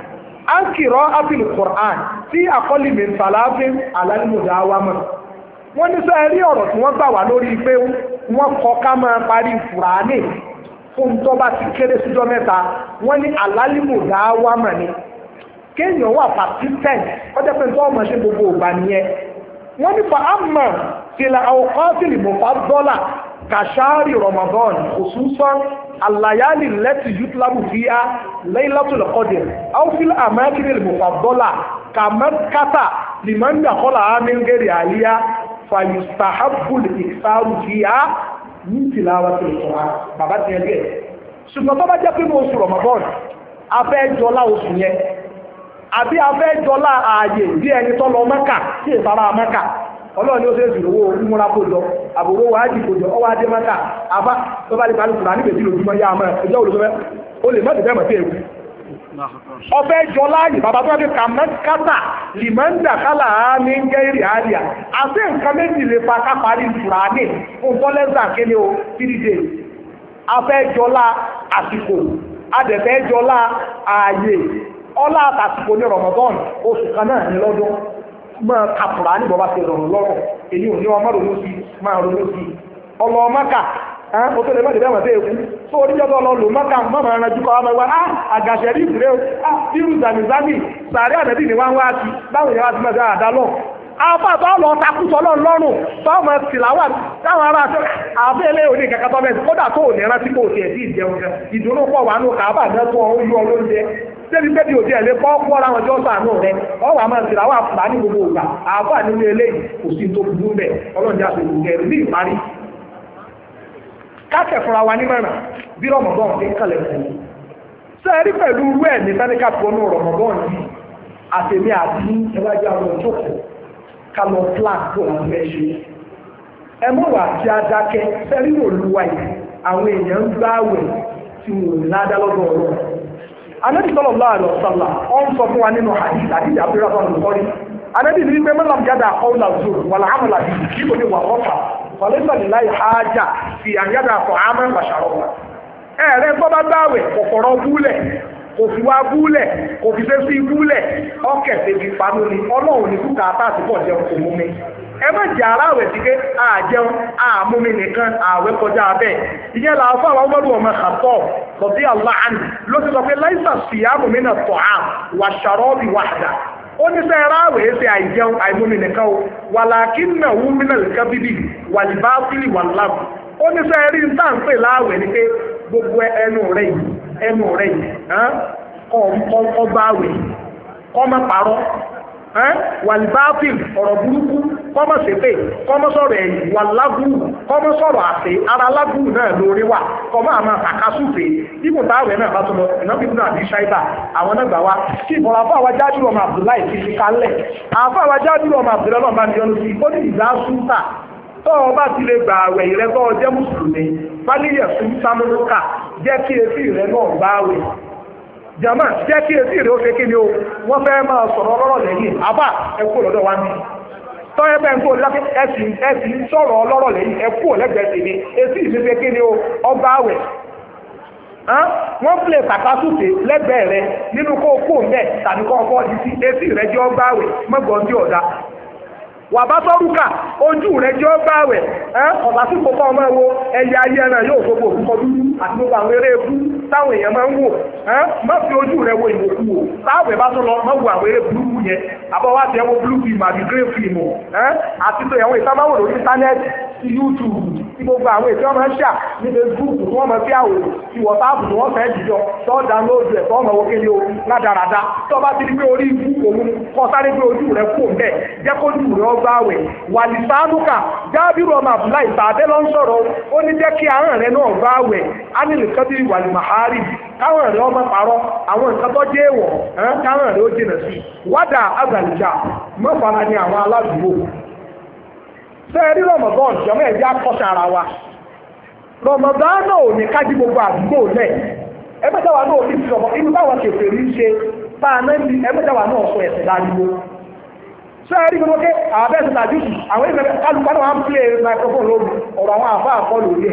ankirọ apil Qur'an tí àkọlì mi sàlàfin alálùmọ̀dá wa mọ̀ wọ́n ní sọ ẹrí ọ̀rọ̀ tí wọ́n gbà wá lórí pé wọ́n kọ ká máa parí fúránì fún tó bá ti kéré síjọ́ mẹ́ta wọ́n ní alálùmọ̀dá wa mọ̀ ni kéèyàn wà pàtífẹ́ǹt ọjọ́ pé tó ṣe gbogbo ògbà nìyẹn wọ́n ní fa àmà tìlà àwòkọ́sìlì mọ̀fà dọ́là kàṣáàrì Ramadan khususan àlàyálì lẹ́tì yútùlábù fi á Laylatul Qadr áwòfíl àmàkìrì mọ̀fà dọ́là kàmẹ́kátà lìmọ́ndà kọ́là ámíngẹ̀rì àlíyá fàyùsàhábùl ìsáàrù fi á àbí afẹ́jọlá ààyè bí ẹni tó lọ mẹ́kà sí ìfara mẹ́kà ọlọ́run ni ó sèé ìdúró múra kójọ àbòrò wa ájì kójọ ọwọ́ adé mẹ́kà àbá tó bá lè parí kùrà níbi ìdílé ojúmọ́ yá mọ́ ẹjọ́ olùsọ́fẹ́ ó lè mọ́tò fẹ́mọ̀ sí ewu ọbẹ̀ jọlá yìí bàbá tó wá fi kà mẹ́kátà lìmọ́ńdà kálà á ní gẹ́rì àlìyà àti nǹkan méjì lè fa ká parí kùrà ní fún tọ́lẹ́sà kéde o fídíje afẹ́jọlá àsìkò adẹ̀fẹ́jọlá ààyè ọlá àtàkùn ní Ramadan oṣù kan náà ní lọ́dún máa kàpùrà ní bọ́bá ti rọrùn lọ́rùn èyí ò ní ọmọ ronú sí máa ronú sí ọlọ mọ́kà ó tó lè má dìbẹ́ àmọ́tẹ́ èkú tó oníjọ́tọ́ lọ lò mọ́kà mọ́mọ́ ara jù kọ́ ọmọ ìwà á àgàṣẹ́ á ni wọ́n wá sí báwo ni wọ́n ti máa dá àbá tó lọ takùtọ̀ lọ lọ́rùn tó ọmọ tìlàwà táwọn ará àti àbẹ́lẹ̀ òní kankan tó bẹ́ẹ̀ kódà tó òní rántí o tiẹ̀ sí ìjẹun gan ìdùnnú pọ̀ wà nù kàbà náà tó ọ yọ lóúnjẹ débi pé bí òdi ẹ̀ lé kọ́ kọ́ ara wọn jọ sànù rẹ ọwọ́ àmọ́ tìlàwà fà ní gbogbo ìgbà àbá nínú eléyìí kò sí tó burú bẹ́ẹ̀ ọlọ́run ní ká lọ plan tó ń fẹ́ ṣe a dákẹ́ sẹ́rí òluwa yìí àwọn èèyàn ń gbá àwẹ̀ tí wò ní ládá lọ́dọ̀ ọ̀rọ̀ anábì sọ̀rọ̀ ọ ń sọ fún wa nínú hadith àdìjà abúlé sọ̀rọ̀ lọ́rí anábì ní wípé mọ́lá jáde àkọ́wùlà zoro wà láàmùlà bíi kí ní wà fi kò fi wá búlẹ̀ kò fi sẹ́sí búlẹ̀ ọkẹ̀ tẹ̀bi pamọ́ ni ọlọ́run ní kúta àtàtì pọ̀ jẹun kò mú mi ẹ má jẹ aráàwẹ̀ sí pé àjẹun àmúmi nìkan ààwẹ̀ kọjá bẹ́ẹ̀ ìyẹn là á fún àwọn ọmọdé ọmọ àtọ̀ lọ́sí aláàánú ló ti sọ pé láìsà síyáàmù mi nà tọ̀ àm wà ṣàrọ́ọ̀bì wàdà ó ní sẹ́ ráàwẹ̀ ẹ̀ ṣe àìjẹun àìmúmi nìkan o wàlàkí nà ó ní sẹ́ rí ní láàwẹ̀ ni pé gbogbo ẹnu rẹ̀ yìí ẹnu rẹ̀ yìí kọ́ bá wì kọ́ má parọ́ wàlbáfíl ọ̀rọ̀ burúkú kọ́mọ̀ ṣépè kọ́mọ̀ sọ̀rọ̀ ẹ̀yìn wà lágùn kọ́mọ̀ sọ̀rọ̀ àṣẹ ara lágùn náà lórí wà kọ́mọ̀ àmọ́ àkàsùfè ibùn táwọn náà bá tọmọ ìnáwó ibùn àbí ṣáìbà àwọn náà gbà wá kí ìbọn afọ àwọn jáde ọmọ Abdullahi ti fi kalẹ̀ afọ àwọn jáde ọmọ Abdullahi náà bá ní ọ tó ọba ti lè gbà àwẹ̀ ìrẹ́gbọ́ ọjẹ́ mùsùlùmí fálíyẹ̀ fún sámúlùkà jẹ́ kí etí rẹ̀ náà bá àwẹ̀ jama jẹ́ kí etí rẹ̀ ó ṣe kí ni o wọ́n fẹ́ máa sọ̀rọ̀ ọlọ́rọ̀ lẹ́yìn àbá wa ń kó sọ̀rọ̀ ọlọ́rọ̀ lẹ́yìn o ọba àwẹ̀ wọ́n pilẹ̀ kàkásùté lẹ́gbẹ̀ẹ́ rẹ nínú kó kó ń tàbí kó ọkọ̀ ọdí sí etí wà bá sọ́rùkà ojú rẹ̀ jẹ́ ọgbà rẹ̀ ọ̀bá sí kókó ọmọ ẹ̀wọ̀ ẹ̀yà ayé ẹran yóò gbogbo òkú kọjú àti gbogbo àwọn eré ebú táwọn èèyàn máa ń wò má fi ojú rẹ wo ìwòkú o táwọn ìbá tó lọ má wo àwọn eré burúkú yẹn àbọ̀wá ti ẹwọ́ blue film àbí green film o àti tó ẹ̀wọ̀n ìsámáwò lórí íńtánẹ́ẹ̀tì ti YouTube tí gbogbo àwọn ètò ọmọ ṣà ní Facebook tí wọ́n mọ sí àwòrán tí WhatsApp tí wọ́n fẹ́ jùlọ tó dánlóòdù ẹ̀ tó o ládàradà tó bá ti di pé orí ikú òun kọ sáré pé ojú rẹ kò mẹ́ jẹ́ kó jù rẹ ọgbà wẹ̀ wàlì sáánúkà jábìrù ọmọ ń ó ní kí náà gbà káwọn ẹ̀rẹ́ ọmọ parọ́ àwọn nǹkan tó jẹ́ èèwọ̀ káwọn ẹ̀rẹ́ ó jìnà sí wádà azàlìjà mọ́fàlá ni àwọn aládùúgbò sẹ́ẹ̀rí rọmọdán jọmọ ẹ̀jẹ̀ akọ́ṣà ara wa rọmọdán náà wa náà ò ní ti sọ̀rọ̀ inú báwa kèfè rí ṣe ní ẹgbẹ́ta náà sọ gbogbo àbẹ́ sùn àwọn kálukú náà wà ń microphone lórí ọ̀rọ̀ àwọn àfa àkọlù ẹ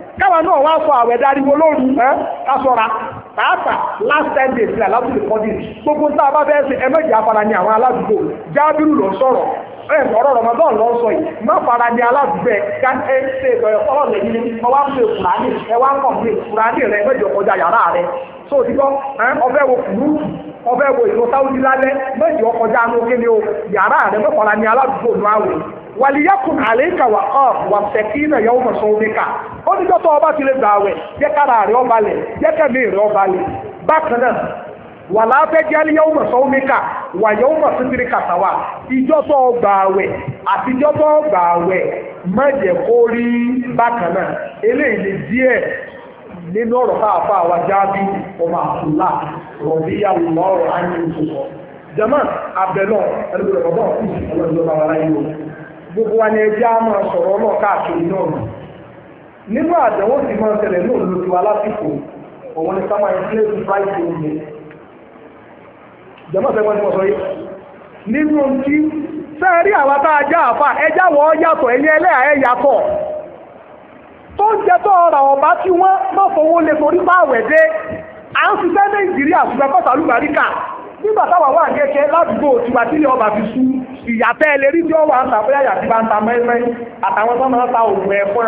káwa náà wá sọ àwẹ̀ dáríwó lóru ẹ́ kásọ̀ra pàápàá last ten days ní aláàbò lè gbogbo tá bá fẹ́ ṣe ẹ̀mẹ́jì afara ni àwọn aládùúgbò jábírù lọ sọ̀rọ̀ ẹ̀ ọ̀rọ̀ rọ̀mọ́dọ́n lọ sọ yìí má fara ni aládùúgbò ẹ̀ ká ẹ̀ ṣe ìbẹ̀rẹ̀ fọlọ́ lẹ́yìn wá ẹ wá rẹ yàrá rẹ tó o ti wàlíyàkùn àlékà wà ọ̀f wà sẹ̀kínà yọ̀ wọ̀ sọ omíkà ó ní dọ́tọ̀ ọba ti lè gbà wẹ̀ yẹ kára rẹ̀ ọba lẹ̀ yẹ kẹ́mi rẹ̀ ọba lẹ̀ bákan náà wà láfẹ́ jẹ́lí yọ̀ wọ̀ sọ omíkà wà yọ̀ wọ̀ sítírí kàtàwà ìjọ́tọ̀ ọgbà wẹ̀ àti ìjọ́tọ̀ ọgbà wẹ̀ má jẹ́ kó rí bákan náà eléyìí lè díẹ̀ nínú jama abẹ́lọ́ ẹni tó lọ́kọ̀ bọ́ọ̀ fún ìṣòro ìjọba o gbogbo wa ni ẹjẹ́ á máa sọ̀rọ̀ náà káàkiri náà nù nínú àdánwò tí máa ń tẹ̀lẹ̀ náà ló ti wá lásìkò òun ni sáwọn ilé ti price oúnjẹ jẹ́mọ́ sẹ́gbọ́n ni mo sọ yìí nínú ti sẹ́ẹ̀rí àwọn tá a já àfa ẹjá wọ́ yàtọ̀ ẹ̀yìn ẹlẹ́yà ẹ̀ yàtọ̀ tó ń jẹ tó ọ̀rọ̀ ọ̀bá tí wọ́n má fowó lè torí bá àwẹ̀ dé à ń ṣiṣẹ́ Nàìjíríà ṣùgbọ́n kọ́sàlùbáríkà nígbà táwa wà kéèké ládùúgbò tìgbà tí ọba fi sú ìyàtẹ́ ẹlẹ́rí tí ó wà ń ta bóyá ìyàtí bá ń ta mẹ́rẹ́mẹ́rẹ́ àtàwọn tó máa ń ta òògùn ẹ̀fọn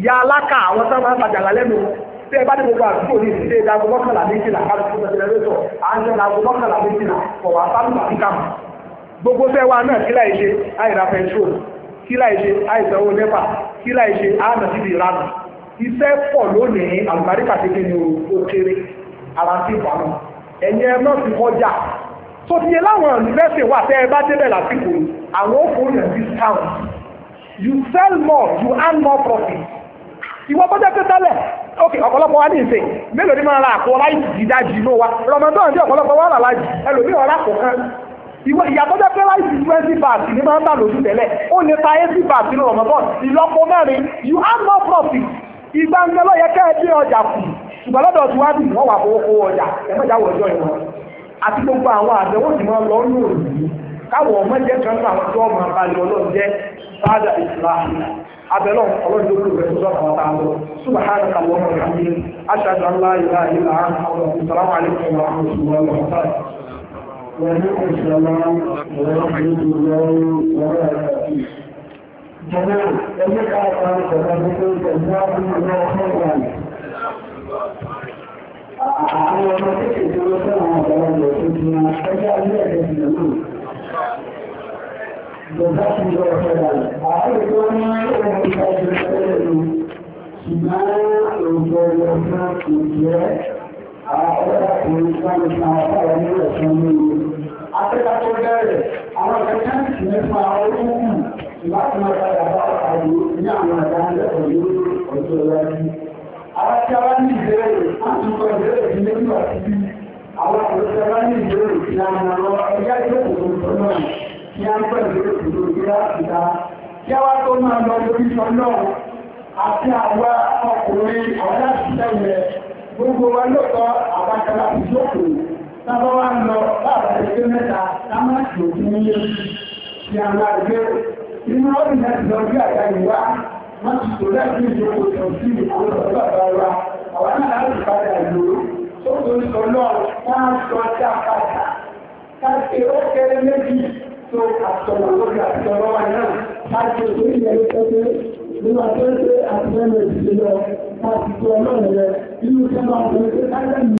ìyá aláka àwọn tó máa ń tajà lálẹ́nu tí ẹ bá dé gbogbo àdúgbò ní ìdílé ìdágbò mọ́kànlá méjìlá káàdùkú tẹ̀lẹ́rẹ́tọ̀ à ń jẹ́ ìdágbò mọ́kànlá méjìlá ọ̀wà sábùkà síkàmù gbogbo fẹ́ wa náà kílà ìṣe àìrà pẹ̀trol kílà ìṣe àìsànwó nẹ́pà kílà ìṣe àánà síbi ìranù iṣẹ́ pọ̀ lónìí àlùbáríkà kékeré ni ó kéré ara sí ìbámu ẹ̀yin ẹ náà ti kọjá tó ti yẹ láwọn ìrìnlẹ́sìn wà tẹ́ ẹ bá débẹ̀ lásìkò yìí àwọn ó fún yàn town. you sell more you earn more profit ìwọ bọ́jà tó tẹ́lẹ̀ ok ọ̀pọ̀lọpọ̀ wa ní ìsè mélòó ni máa ra àpò láìsí dídájì inú wa ramadan ní ọ̀pọ̀lọpọ̀ wa rà lájì ẹlòmíràn rà kò kan ìwọ ìyàtọ̀jọ́ pé láìsí twenty baht ní máa ń bà lójú tẹ́lẹ̀ ó lè ta eighty baht nínú ramadan ìlọ́po mẹ́rin you earn more profit ìgbàǹgbẹ́ ló yẹ kẹ́ ẹ dé ọjà kù ṣùgbọ́n lọ́dọ̀ tí wá wa wọ́n wà ọjà ẹ̀mẹ́ta wọ̀ ọjọ́ ìwọ̀n àti gbogbo àwọn àdéhùn tí wọ́n lọ ní òní káwọn ọmọ jẹ́ kan fún tí wọ́n máa balẹ̀ ọlọ́run jẹ́ abẹ́lọ́ ọlọ́run tó ọ̀tá subahana ọmọ ìlú aṣáájú ńlá ìlà ìlà àwọn ìṣẹ̀lẹ̀ àwọn ọmọ kéèkéèké ló fẹ́ràn ọ̀pọ̀lọpọ̀ tó ti máa ẹgbẹ́ alẹ́ ẹ̀rẹ́ ti lè mú ìjọba ti lọ ọ̀pẹ̀lá àwọn ètò ní ohun ìgbà ìjọ ìṣẹ́lẹ̀ ló ṣùgbọ́n òjò ọ̀pẹ̀lá kò jẹ́ àwọn ọkùnrin sáré fún àwọn ọ̀pẹ̀lá ní ẹ̀sán ní ìlú afẹ́ká àwọn a bá ní ìbéèrè àtúntò ìbéèrè ti lẹ́yìn wà sí bí àwọn àgbẹ̀ tí a bá ní ìbéèrè ti la nà lọ ẹ̀yà tí ó kò tó tó a ń pẹ́ ìbéèrè tó tó tó láti ta kí a wá tó máa lọ lórí sọ náà àti àwa ọkùnrin àwọn láti a máa gbé inú ọdún náà ti wọ́n ti tò láti ní ìjọ kò tàn sí ìkó lọ́dọ̀ bàbá wa àwọn náà láti padà lò ó tó tó ń sọ náà wọ́n á sọ dá padà káṣe ó kéré méjì tó àtọ̀wọ̀ lórí àtọ̀wọ̀ wa náà káṣe tó ìyẹn ló tẹ́tẹ́ nígbà tó ń ṣe àtìlẹ́yìn ìdílé káṣe tó ọlọ́run rẹ inú sẹ́wọ̀n àwọn ọmọdé